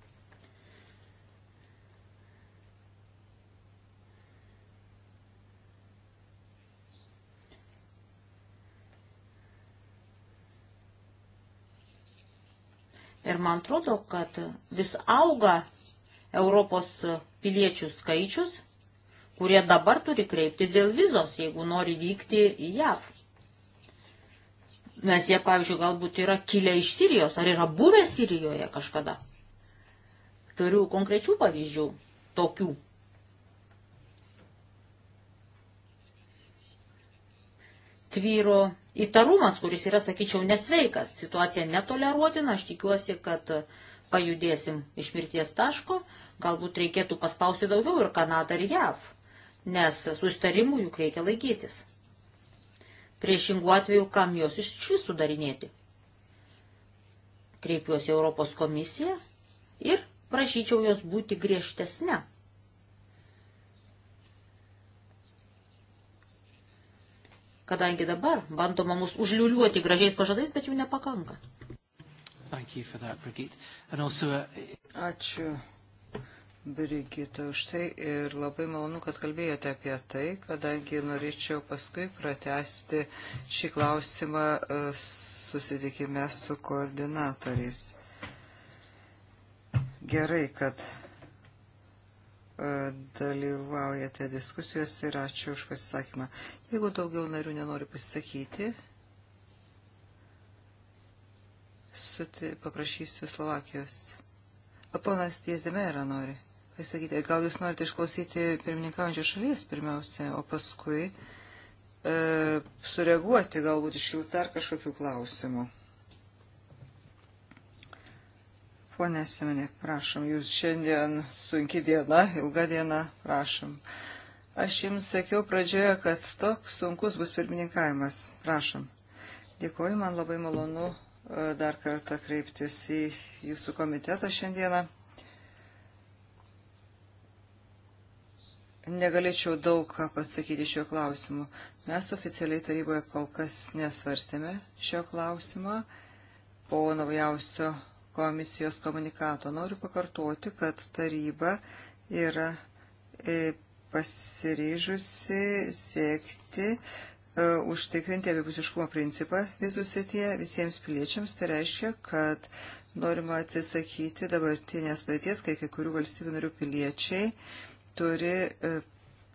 Ir man atrodo, kad vis auga Europos piliečių skaičius, kurie dabar turi kreiptis dėl vizos, jeigu nori vykti į JAV. Nes jie, pavyzdžiui, galbūt yra kilę iš Sirijos ar yra buvę Sirijoje kažkada. Turiu konkrečių pavyzdžių tokių tvyro įtarumas, kuris yra, sakyčiau, nesveikas. Situacija netoleruotina, aš tikiuosi, kad pajudėsim iš mirties taško, galbūt reikėtų paspausti daugiau ir Kanadą, ir JAV, nes sustarimų juk reikia laikytis. Priešingų atveju, kam juos iš vis sudarinėti? Kreipiuosi Europos komisiją ir prašyčiau jos būti griežtesne kadangi dabar bandoma mus užliuliuoti gražiais pažadais, bet jų nepakanka. That, also, uh... Ačiū, Brigita, už tai ir labai malonu, kad kalbėjote apie tai, kadangi norėčiau paskui pratesti šį klausimą uh, susitikime su koordinatoriais. Gerai, kad dalyvaujate diskusijos ir ačiū už pasisakymą. Jeigu daugiau narių nenori pasisakyti, suti, paprašysiu Slovakijos. O ponas Diezdemera nori pasakyti, gal jūs norite išklausyti pirmininkaujančios šalies pirmiausia, o paskui e, sureaguoti, galbūt iškils dar kažkokių klausimų. Pone Simonė, prašom, jūs šiandien sunki diena, ilga diena, prašom. Aš jums sakiau pradžioje, kad toks sunkus bus pirmininkavimas. Prašom. Dėkuoju, man labai malonu e, dar kartą kreiptis į jūsų komitetą šiandieną. Negalėčiau daug ką pasakyti šiuo klausimu. Mes oficialiai taryboje kol kas nesvarstėme šio klausimo po naujausio komisijos komunikato. Noriu pakartoti, kad taryba yra e, pasiryžusi siekti e, užtikrinti abipusiškumo principą vizų srityje visiems piliečiams. Tai reiškia, kad norima atsisakyti dabartinės padėties, kai kai kurių valstybių narių piliečiai turi e,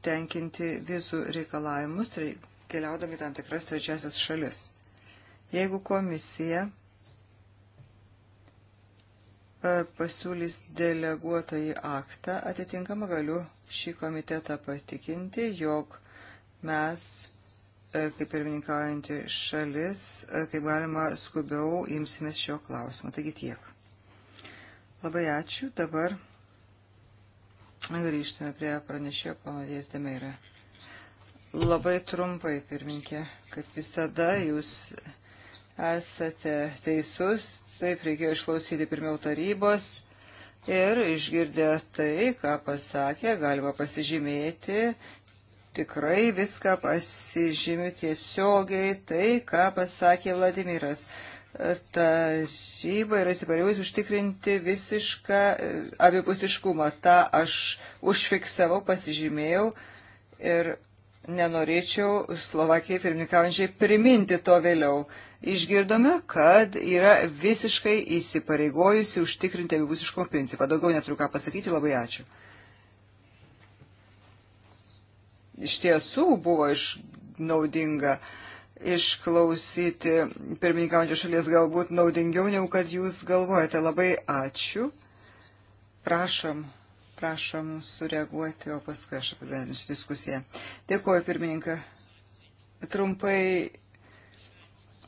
tenkinti vizų reikalavimus tai keliaudami tam tikras trečiasis šalis. Jeigu komisija E, pasiūlys deleguotąjį aktą, atitinkamą galiu šį komitetą patikinti, jog mes, e, kaip pirmininkaujantį šalis, e, kaip galima skubiau imsimės šio klausimo. Taigi tiek. Labai ačiū. Dabar grįžtame prie pranešėjo pono Dėsdemeira. Labai trumpai, pirminkė, kaip visada, jūs Esate teisus, taip reikėjo išklausyti pirmiau tarybos ir išgirdę tai, ką pasakė, galima pasižymėti. Tikrai viską pasižymiu tiesiogiai tai, ką pasakė Vladimiras taryba yra įsipareigojus užtikrinti visišką e, abipusiškumą. Ta aš užfiksavau, pasižymėjau ir nenorėčiau Slovakijai pirmininkaujančiai priminti to vėliau išgirdome, kad yra visiškai įsipareigojusi užtikrinti abipusiškumo principą. Daugiau neturiu ką pasakyti, labai ačiū. Iš tiesų buvo iš naudinga išklausyti pirmininkaujančios šalies galbūt naudingiau, negu kad jūs galvojate. Labai ačiū. Prašom, prašom sureaguoti, o paskui aš apibendrinsiu diskusiją. Dėkuoju, pirmininką. Trumpai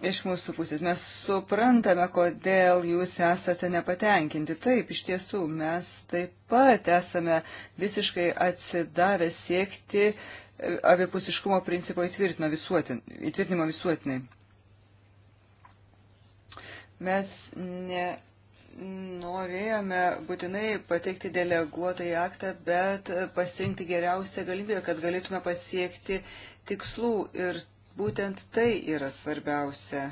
iš mūsų pusės. Mes suprantame, kodėl jūs esate nepatenkinti. Taip, iš tiesų, mes taip pat esame visiškai atsidavę siekti e, abipusiškumo principo įtvirtinimo visuotinai. visuotinai. Mes ne norėjome būtinai pateikti deleguotą į aktą, bet pasirinkti geriausią galimybę, kad galėtume pasiekti tikslų ir Būtent tai yra svarbiausia.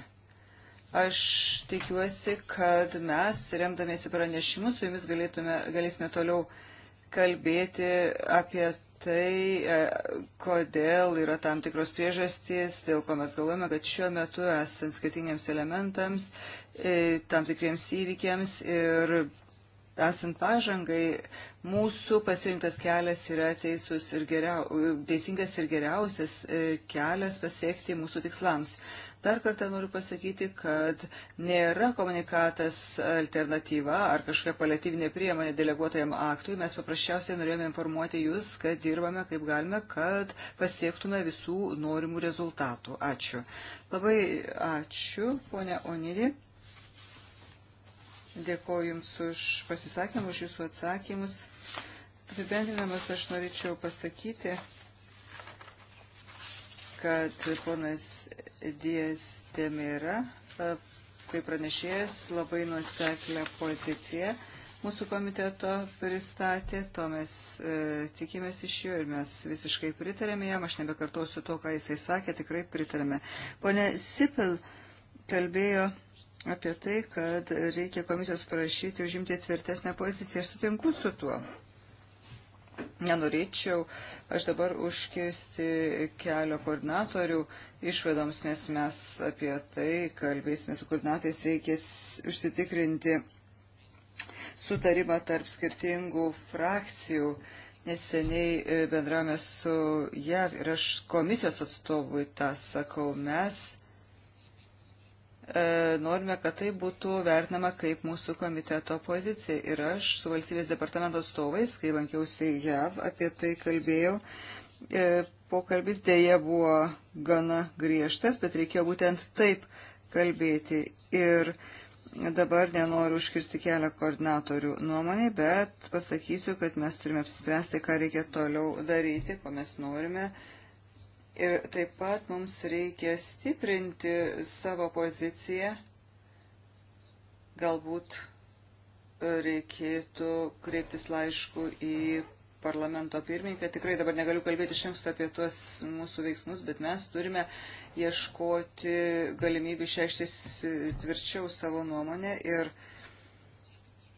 Aš tikiuosi, kad mes, remdamėsi pranešimus, su jumis galėtume, galėsime toliau kalbėti apie tai, e, kodėl yra tam tikros priežastys, dėl ko mes galvojame, kad šiuo metu esant skirtingiems elementams, e, tam tikriems įvykiams ir esant pažangai, mūsų pasirinktas kelias yra teisus ir geriau, teisingas ir geriausias e, kelias pasiekti mūsų tikslams. Dar kartą noriu pasakyti, kad nėra komunikatas alternatyva ar kažkokia paliatyvinė priemonė deleguotajam aktui. Mes paprasčiausiai norėjome informuoti Jūs, kad dirbame kaip galime, kad pasiektume visų norimų rezultatų. Ačiū. Labai ačiū, ponia Onidė. Dėkoju Jums už pasisakymą, už Jūsų atsakymus. Apibendrinamas aš norėčiau pasakyti, kad ponas Dijas Demira, kaip e, pranešėjas, labai nuoseklę poziciją mūsų komiteto pristatė, to mes e, tikimės iš jo ir mes visiškai pritarėme jam, aš nebekartosiu to, ką jisai sakė, tikrai pritarėme. Pone Sipil kalbėjo apie tai, kad reikia komisijos prašyti užimti tvirtesnę poziciją. Aš sutinku su tuo. Nenorėčiau aš dabar užkirsti kelio koordinatorių išvedoms, nes mes apie tai kalbėsime su koordinatais, reikės užsitikrinti sutarimą tarp skirtingų frakcijų. Neseniai e, bendravome su JAV ir aš komisijos atstovui tą sakau, mes E, norime, kad tai būtų vertinama kaip mūsų komiteto pozicija. Ir aš su valstybės departamento atstovais, kai lankiausi JAV, apie tai kalbėjau. E, pokalbis dėja buvo gana griežtas, bet reikėjo būtent taip kalbėti. Ir dabar nenoriu užkirsti kelią koordinatorių nuomonė, bet pasakysiu, kad mes turime apsispręsti, ką reikia toliau daryti, ko mes norime Ir taip pat mums reikia stiprinti savo poziciją. Galbūt e, reikėtų kreiptis laišku į parlamento pirmininką. Tikrai dabar negaliu kalbėti iš anksto apie tuos mūsų veiksmus, bet mes turime ieškoti galimybių išreikštis tvirčiau savo nuomonę ir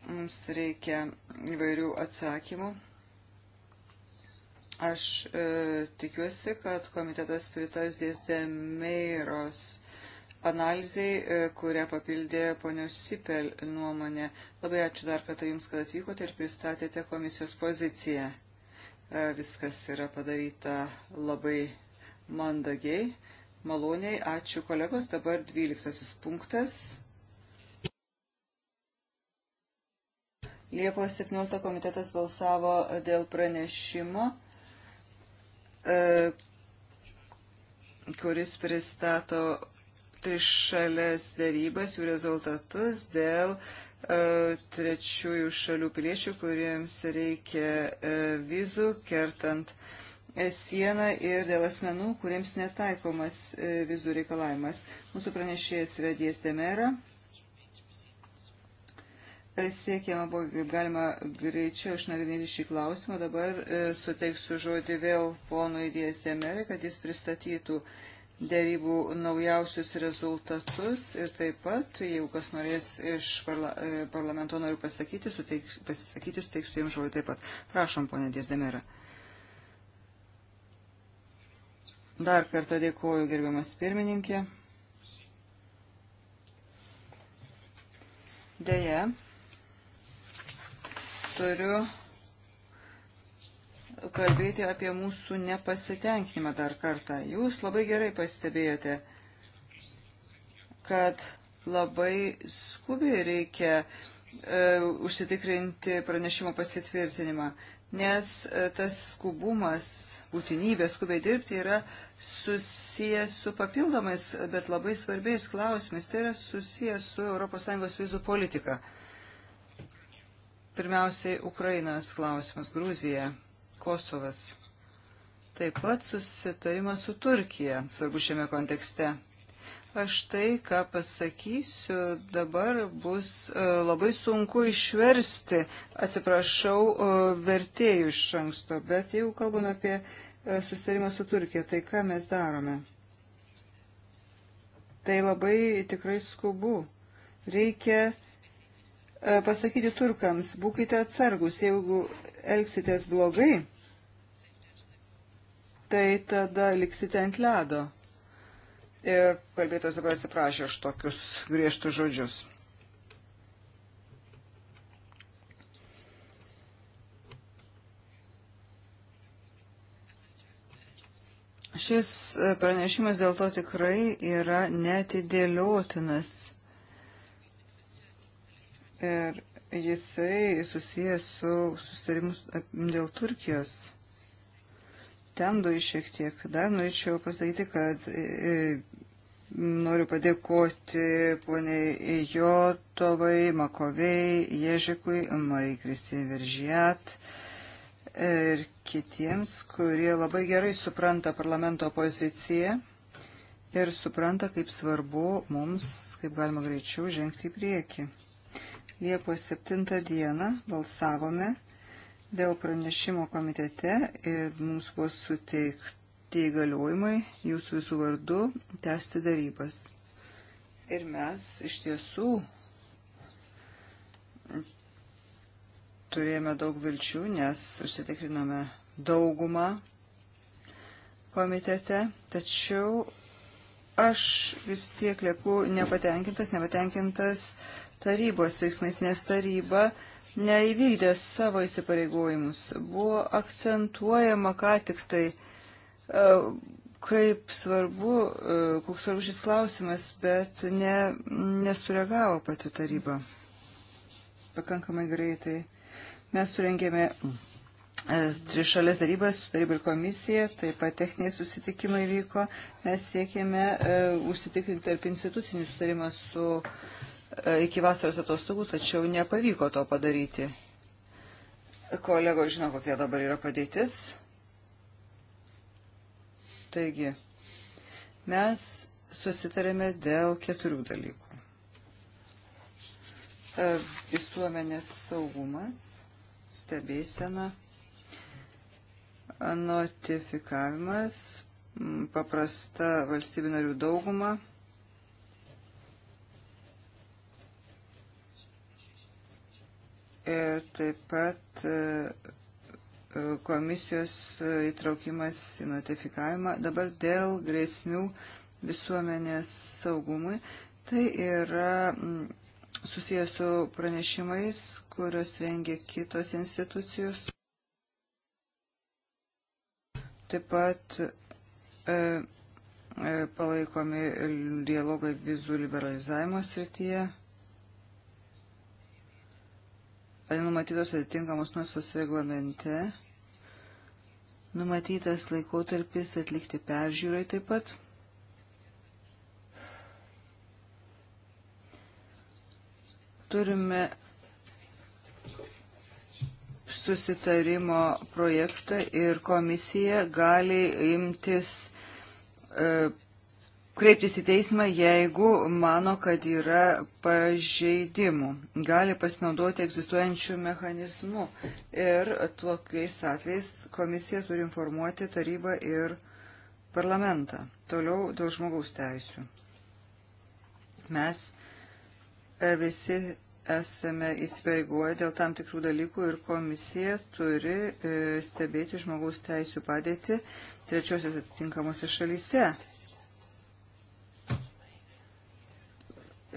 mums reikia įvairių atsakymų. Aš e, tikiuosi, kad komitetas pritars dėsdėmeiros analizai, e, kurią papildė ponios Sipel nuomonė. Labai ačiū dar kartą Jums, kad atvykote ir pristatėte komisijos poziciją. E, viskas yra padaryta labai mandagiai, maloniai. Ačiū kolegos. Dabar 12 punktas. Liepos 17 komitetas balsavo dėl pranešimo E, kuris pristato trišalės dėrybas, jų rezultatus dėl e, trečiųjų šalių piliečių, kuriems reikia e, vizų kertant sieną ir dėl asmenų, kuriems netaikomas vizų reikalavimas. Mūsų pranešėjas yra Dėstė Mera. E, siekiama buvo, kaip galima greičiau išnagrinėti šį klausimą. Dabar e, suteiksiu žodį vėl ponui Dijas Demerė, kad jis pristatytų dėrybų naujausius rezultatus ir taip pat, jeigu kas norės iš parla, e, parlamento noriu pasakyti, suteik, pasisakyti, suteiksiu jiems žodį taip pat. Prašom, ponė Dėsdemera. Dar kartą dėkuoju, gerbiamas pirmininkė. Deja, turiu kalbėti apie mūsų nepasitenkinimą dar kartą. Jūs labai gerai pastebėjote, kad labai skubiai reikia e, užsitikrinti pranešimo pasitvirtinimą, nes e, tas skubumas, būtinybė skubiai dirbti yra susijęs su papildomais, bet labai svarbiais klausimais. Tai yra susijęs su ES vizų politika. Pirmiausiai Ukrainos klausimas, Gruzija, Kosovas. Taip pat susitarimas su Turkija, svarbu šiame kontekste. Aš tai, ką pasakysiu, dabar bus e, labai sunku išversti. Atsiprašau e, vertėjų iš anksto, bet jeigu kalbame apie e, susitarimą su Turkija, tai ką mes darome? Tai labai tikrai skubu. Reikia E, pasakyti turkams, būkite atsargus, jeigu elgsitės blogai, tai tada liksite ant ledo. Ir kalbėtojas dabar atsiprašė už tokius griežtus žodžius. Šis pranešimas dėl to tikrai yra netidėliotinas Ir jisai susijęs su sustarimus dėl Turkijos. Ten du šiek tiek. Dar norėčiau pasakyti, kad e, e, noriu padėkoti poniai Jotovai, Makovei, Ježikui, Marijai Kristin Veržiat ir kitiems, kurie labai gerai supranta parlamento poziciją ir supranta, kaip svarbu mums, kaip galima greičiau, žengti į priekį. Liepos 7 dieną balsavome dėl pranešimo komitete ir mums buvo suteikti įgaliojimai jūsų visų vardu tęsti darybas. Ir mes iš tiesų turėjome daug vilčių, nes užsitikrinome daugumą komitete, tačiau aš vis tiek lieku nepatenkintas, nepatenkintas uh, tarybos veiksmais, nes taryba neįvykdė savo įsipareigojimus. Buvo akcentuojama ką tik tai, e, kaip svarbu, e, koks svarbus šis klausimas, bet ne, nesureagavo pati taryba pakankamai greitai. Mes surengėme e, trišalės darybas su taryba ir komisija, taip pat techniniai susitikimai vyko. Mes siekėme e, užsitikrinti tarp institucinį sutarimą su e, E, iki vasaros atostogų, tačiau nepavyko to padaryti. Kolego žino, kokia dabar yra padėtis. Taigi, mes susitarėme dėl keturių dalykų. E, visuomenės saugumas, stebėsena, notifikavimas, paprasta valstybinarių dauguma – ir taip pat e, komisijos įtraukimas į notifikavimą. Dabar dėl grėsmių visuomenės saugumui. Tai yra susijęs su pranešimais, kurios rengia kitos institucijos. Taip pat e, e, palaikomi dialogai vizų liberalizavimo srityje. numatytos atitinkamos nuostatos reglamente, numatytas laikotarpis atlikti peržiūrai taip pat. Turime susitarimo projektą ir komisija gali imtis e, kreiptis į teismą, jeigu mano, kad yra pažeidimų. Gali pasinaudoti egzistuojančių mechanizmų. Ir tokiais atvejais komisija turi informuoti tarybą ir parlamentą. Toliau dėl žmogaus teisų. Mes e, visi esame įsipareigoję dėl tam tikrų dalykų ir komisija turi e, stebėti žmogaus teisų padėti trečiosios atitinkamose šalyse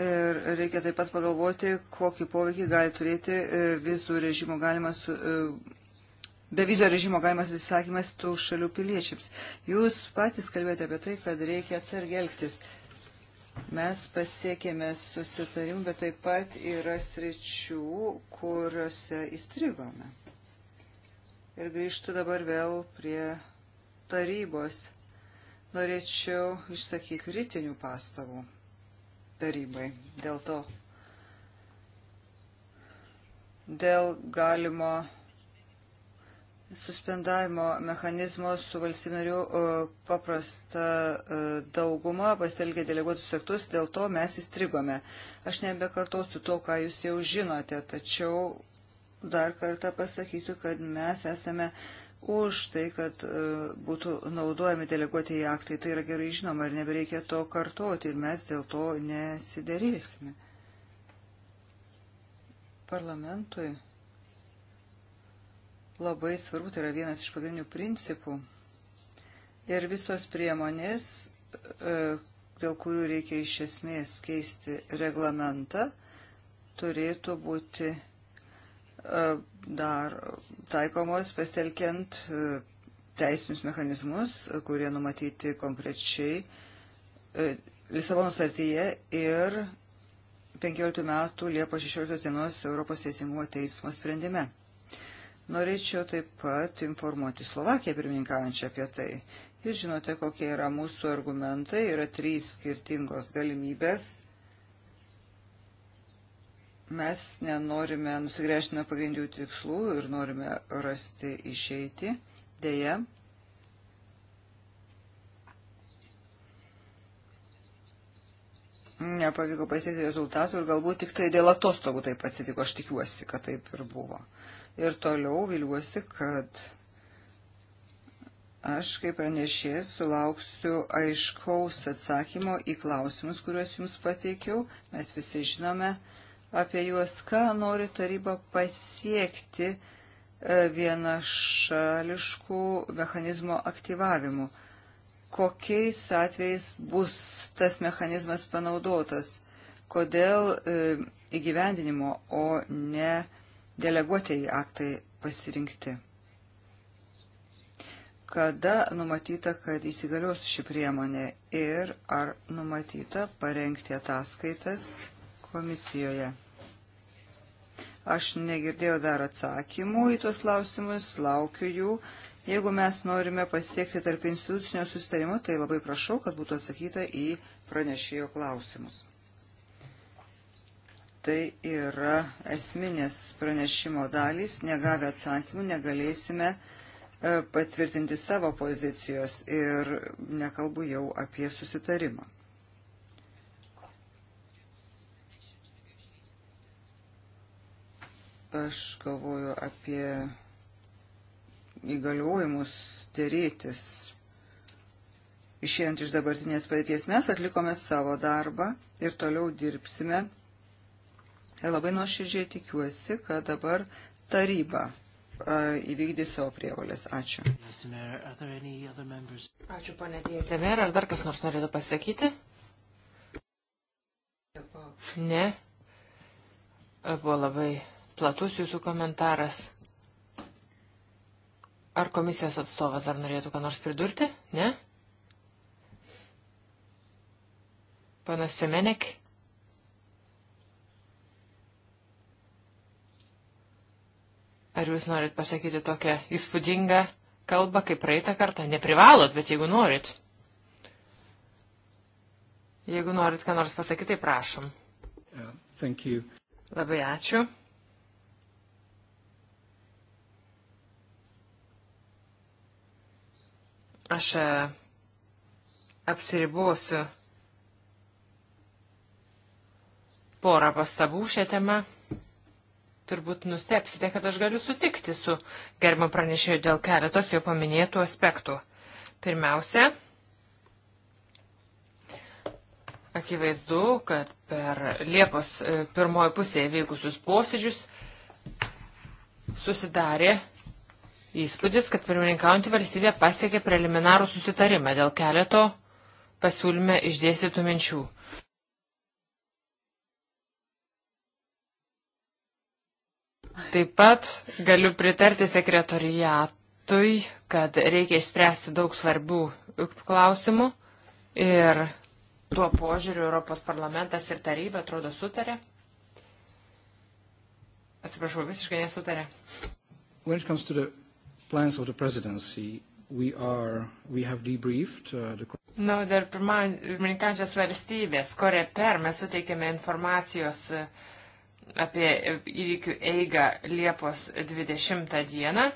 Ir reikia taip pat pagalvoti, kokį poveikį gali turėti e, vizų režimo galimas, e, be vizų režimo galimas atsisakymas tų šalių piliečiams. Jūs patys kalbėjote apie tai, kad reikia atsargelgtis. Mes pasiekėme susitarimą, bet taip pat yra sričių, kuriuose įstrigome. Ir grįžtu dabar vėl prie tarybos. Norėčiau išsakyti kritinių pastabų tarybai dėl to. Dėl galimo suspendavimo mechanizmo su valstybinariu e, paprasta e, dauguma pasielgė deleguotus aktus, dėl to mes įstrigome. Aš nebekartosiu to, ką jūs jau žinote, tačiau dar kartą pasakysiu, kad mes esame uh, už tai, kad e, būtų naudojami deleguoti į aktai. Tai yra gerai žinoma ir nebereikia to kartoti ir mes dėl to nesiderėsime. Parlamentui labai svarbu, tai yra vienas iš pagrindinių principų. Ir visos priemonės, e, dėl kurių reikia iš esmės keisti reglamentą, turėtų būti e, dar taikomos pastelkiant e, teisinius mechanizmus, kurie numatyti konkrečiai e, Lisabono startyje ir 15 metų Liepos 16 dienos Europos teisingumo teismo sprendime. Norėčiau taip pat informuoti Slovakiją pirmininkaujančią apie tai. Jūs žinote, kokie yra mūsų argumentai, yra trys skirtingos galimybės Mes nenorime nusigręžti nuo pagrindinių tikslų ir norime rasti išeiti. Deja, nepavyko pasiekti rezultatų ir galbūt tik tai dėl atostogų taip atsitiko. Aš tikiuosi, kad taip ir buvo. Ir toliau viliuosi, kad aš kaip pranešėjas sulauksiu aiškaus atsakymo į klausimus, kuriuos jums pateikiau. Mes visi žinome, apie juos, ką nori taryba pasiekti e, vienašališkų mechanizmo aktyvavimu. Kokiais atvejais bus tas mechanizmas panaudotas? Kodėl e, įgyvendinimo, o ne deleguotieji aktai pasirinkti? Kada numatyta, kad įsigalios ši priemonė ir ar numatyta parengti ataskaitas komisijoje. Aš negirdėjau dar atsakymų į tuos klausimus, laukiu jų. Jeigu mes norime pasiekti tarp institucinio sustarimo, tai labai prašau, kad būtų atsakyta į pranešėjo klausimus. Tai yra esminės pranešimo dalys, negavę atsakymų negalėsime e, patvirtinti savo pozicijos ir nekalbu jau apie susitarimą. Aš galvoju apie įgaliojimus dėrėtis. Išėjant iš dabartinės padėties mes atlikome savo darbą ir toliau dirbsime. Ir labai nuoširdžiai tikiuosi, kad dabar taryba įvykdys savo prievolės. Ačiū. Ačiū, ponė Dėtemer. Ar dar kas nors norėtų pasakyti? Ne. Buvo labai platus jūsų komentaras. Ar komisijos atstovas dar norėtų ką nors pridurti? Ne? Panas Semenek? Ar jūs norit pasakyti tokią įspūdingą kalbą kaip praeitą kartą? Neprivalot, bet jeigu norit. Jeigu norit ką nors pasakyti, tai prašom. Yeah, Labai ačiū. Aš e, apsiribosiu porą pastabų šią temą. Turbūt nustepsite, kad aš galiu sutikti su germo pranešėju dėl keletos jo paminėtų aspektų. Pirmiausia, akivaizdu, kad per Liepos e, pirmoji pusėje veikusius posėdžius susidarė įspūdis, kad pirmininkaujantį valstybę pasiekė preliminarų susitarimą dėl keleto pasiūlyme išdėstytų minčių. Taip pat galiu pritarti sekretoriatui, kad reikia išspręsti daug svarbių klausimų ir tuo požiūriu Europos parlamentas ir taryba atrodo sutarė. Atsiprašau, visiškai nesutarė. When it comes to the plans of the presidency, we, are, we have debriefed uh, the... Na, no, nu, dar pirmininkančias valstybės, kurie per mes suteikėme informacijos uh, apie uh, įvykių eigą Liepos 20 dieną,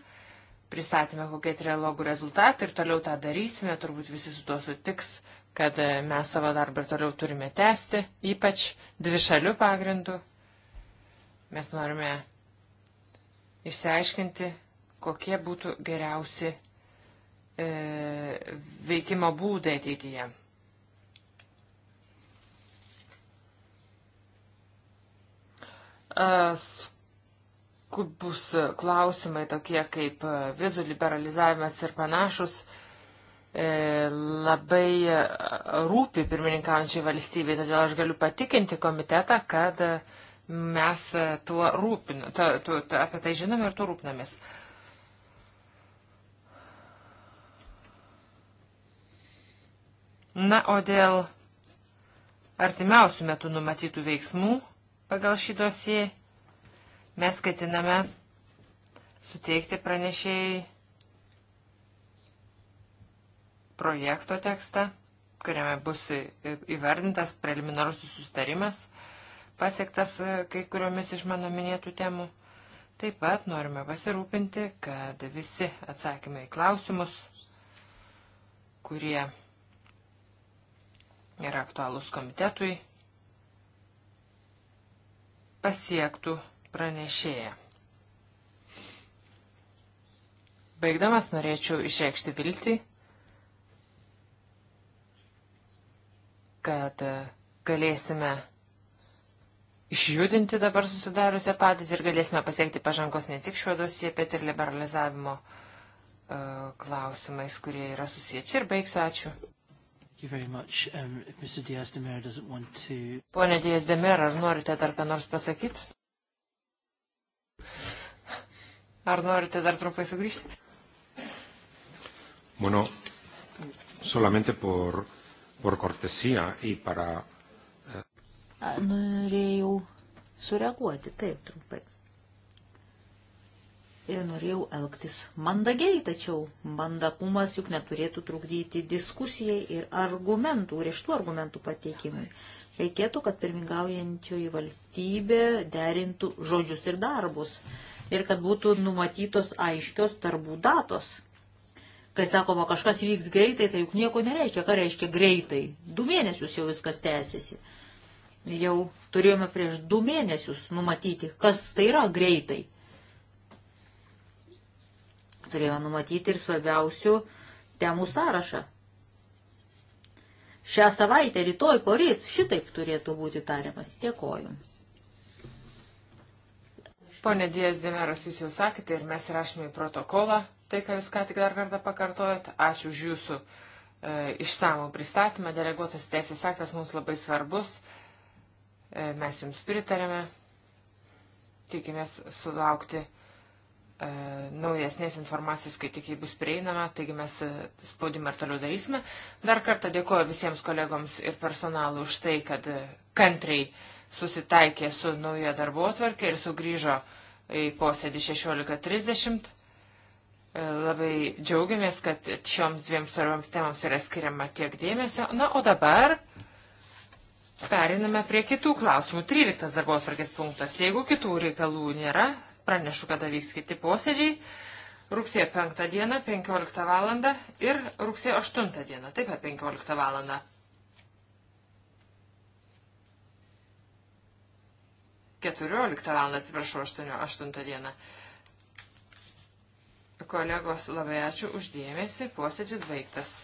pristatėme kokie trilogų rezultatai ir toliau tą darysime, turbūt visi su tuo sutiks, kad uh, mes savo darbą ir toliau turime tęsti, ypač dvi šalių pagrindų. Mes norime išsiaiškinti, kokie būtų geriausi e, veikimo būdai ateityje. E, skubus klausimai tokie kaip e, vizų liberalizavimas ir panašus e, labai rūpi pirmininkaujančiai valstybei, todėl aš galiu patikinti komitetą, kad mes tuo rūpin, ta, tu, ta, apie tai žinome ir tuo rūpinamės. Uh, Na, o dėl artimiausių metų numatytų veiksmų pagal šį dosiją mes ketiname suteikti pranešėjai projekto tekstą, kuriame bus įvardintas preliminarusis sustarimas, pasiektas e, kai kuriomis iš mano minėtų temų. Taip pat norime pasirūpinti, kad visi atsakymai į klausimus, kurie yra aktualūs komitetui, pasiektų pranešėją. Baigdamas norėčiau išreikšti viltį, kad galėsime išjudinti dabar susidariusią padėtį ir galėsime pasiekti pažangos ne tik šiuo dosiją, bet ir liberalizavimo uh, klausimais, kurie yra susiję. Čia ir baigsiu. Ačiū. Um, to... Pone Dijas Demer, ar norite dar ką nors pasakyti? Ar norite dar trumpai sugrįžti? Bueno, solamente por, por cortesía y para. Eh, Norėjau sureaguoti taip trumpai ir norėjau elgtis mandagiai, tačiau mandagumas juk neturėtų trukdyti diskusijai ir argumentų, rieštų argumentų pateikimui. Reikėtų, kad pirmingaujančioji valstybė derintų žodžius ir darbus ir kad būtų numatytos aiškios darbų datos. Kai sakoma, kažkas vyks greitai, tai juk nieko nereiškia. Ką reiškia greitai? Du mėnesius jau viskas tęsiasi. Jau turėjome prieš du mėnesius numatyti, kas tai yra greitai turėjome numatyti ir svarbiausių temų sąrašą. Šią savaitę, rytoj, poryt, šitaip turėtų būti tariamas. Dėkoju. Pone Dijas Demeras, jūs jau sakėte ir mes rašome į protokolą tai, ką jūs ką tik dar kartą pakartojot. Ačiū už jūsų e, išsamų pristatymą. Deleguotas teisės aktas mums labai svarbus. E, mes jums pritarėme. Tikimės sulaukti E, naujesnės informacijos, kai tik jį bus prieinama, taigi mes e, spaudimą ir toliau darysime. Dar kartą dėkuoju visiems kolegoms ir personalui už tai, kad e, kantriai susitaikė su nauja darbo atvarkė ir sugrįžo į posėdį 16.30. Labai džiaugiamės, kad šioms dviem svarbiams temams yra skiriama tiek dėmesio. Na, o dabar Periname prie kitų klausimų. 13 darbos varkės punktas. Jeigu kitų reikalų nėra, pranešu, kada vyks kiti posėdžiai. Rūksėjo 5 dieną, 15 val. ir rūksėjo 8 dieną, taip pat 15 val. Keturioliktą valandą, atsiprašau, 8 dieną. Kolegos, labai ačiū uždėmesi, posėdžis baigtas.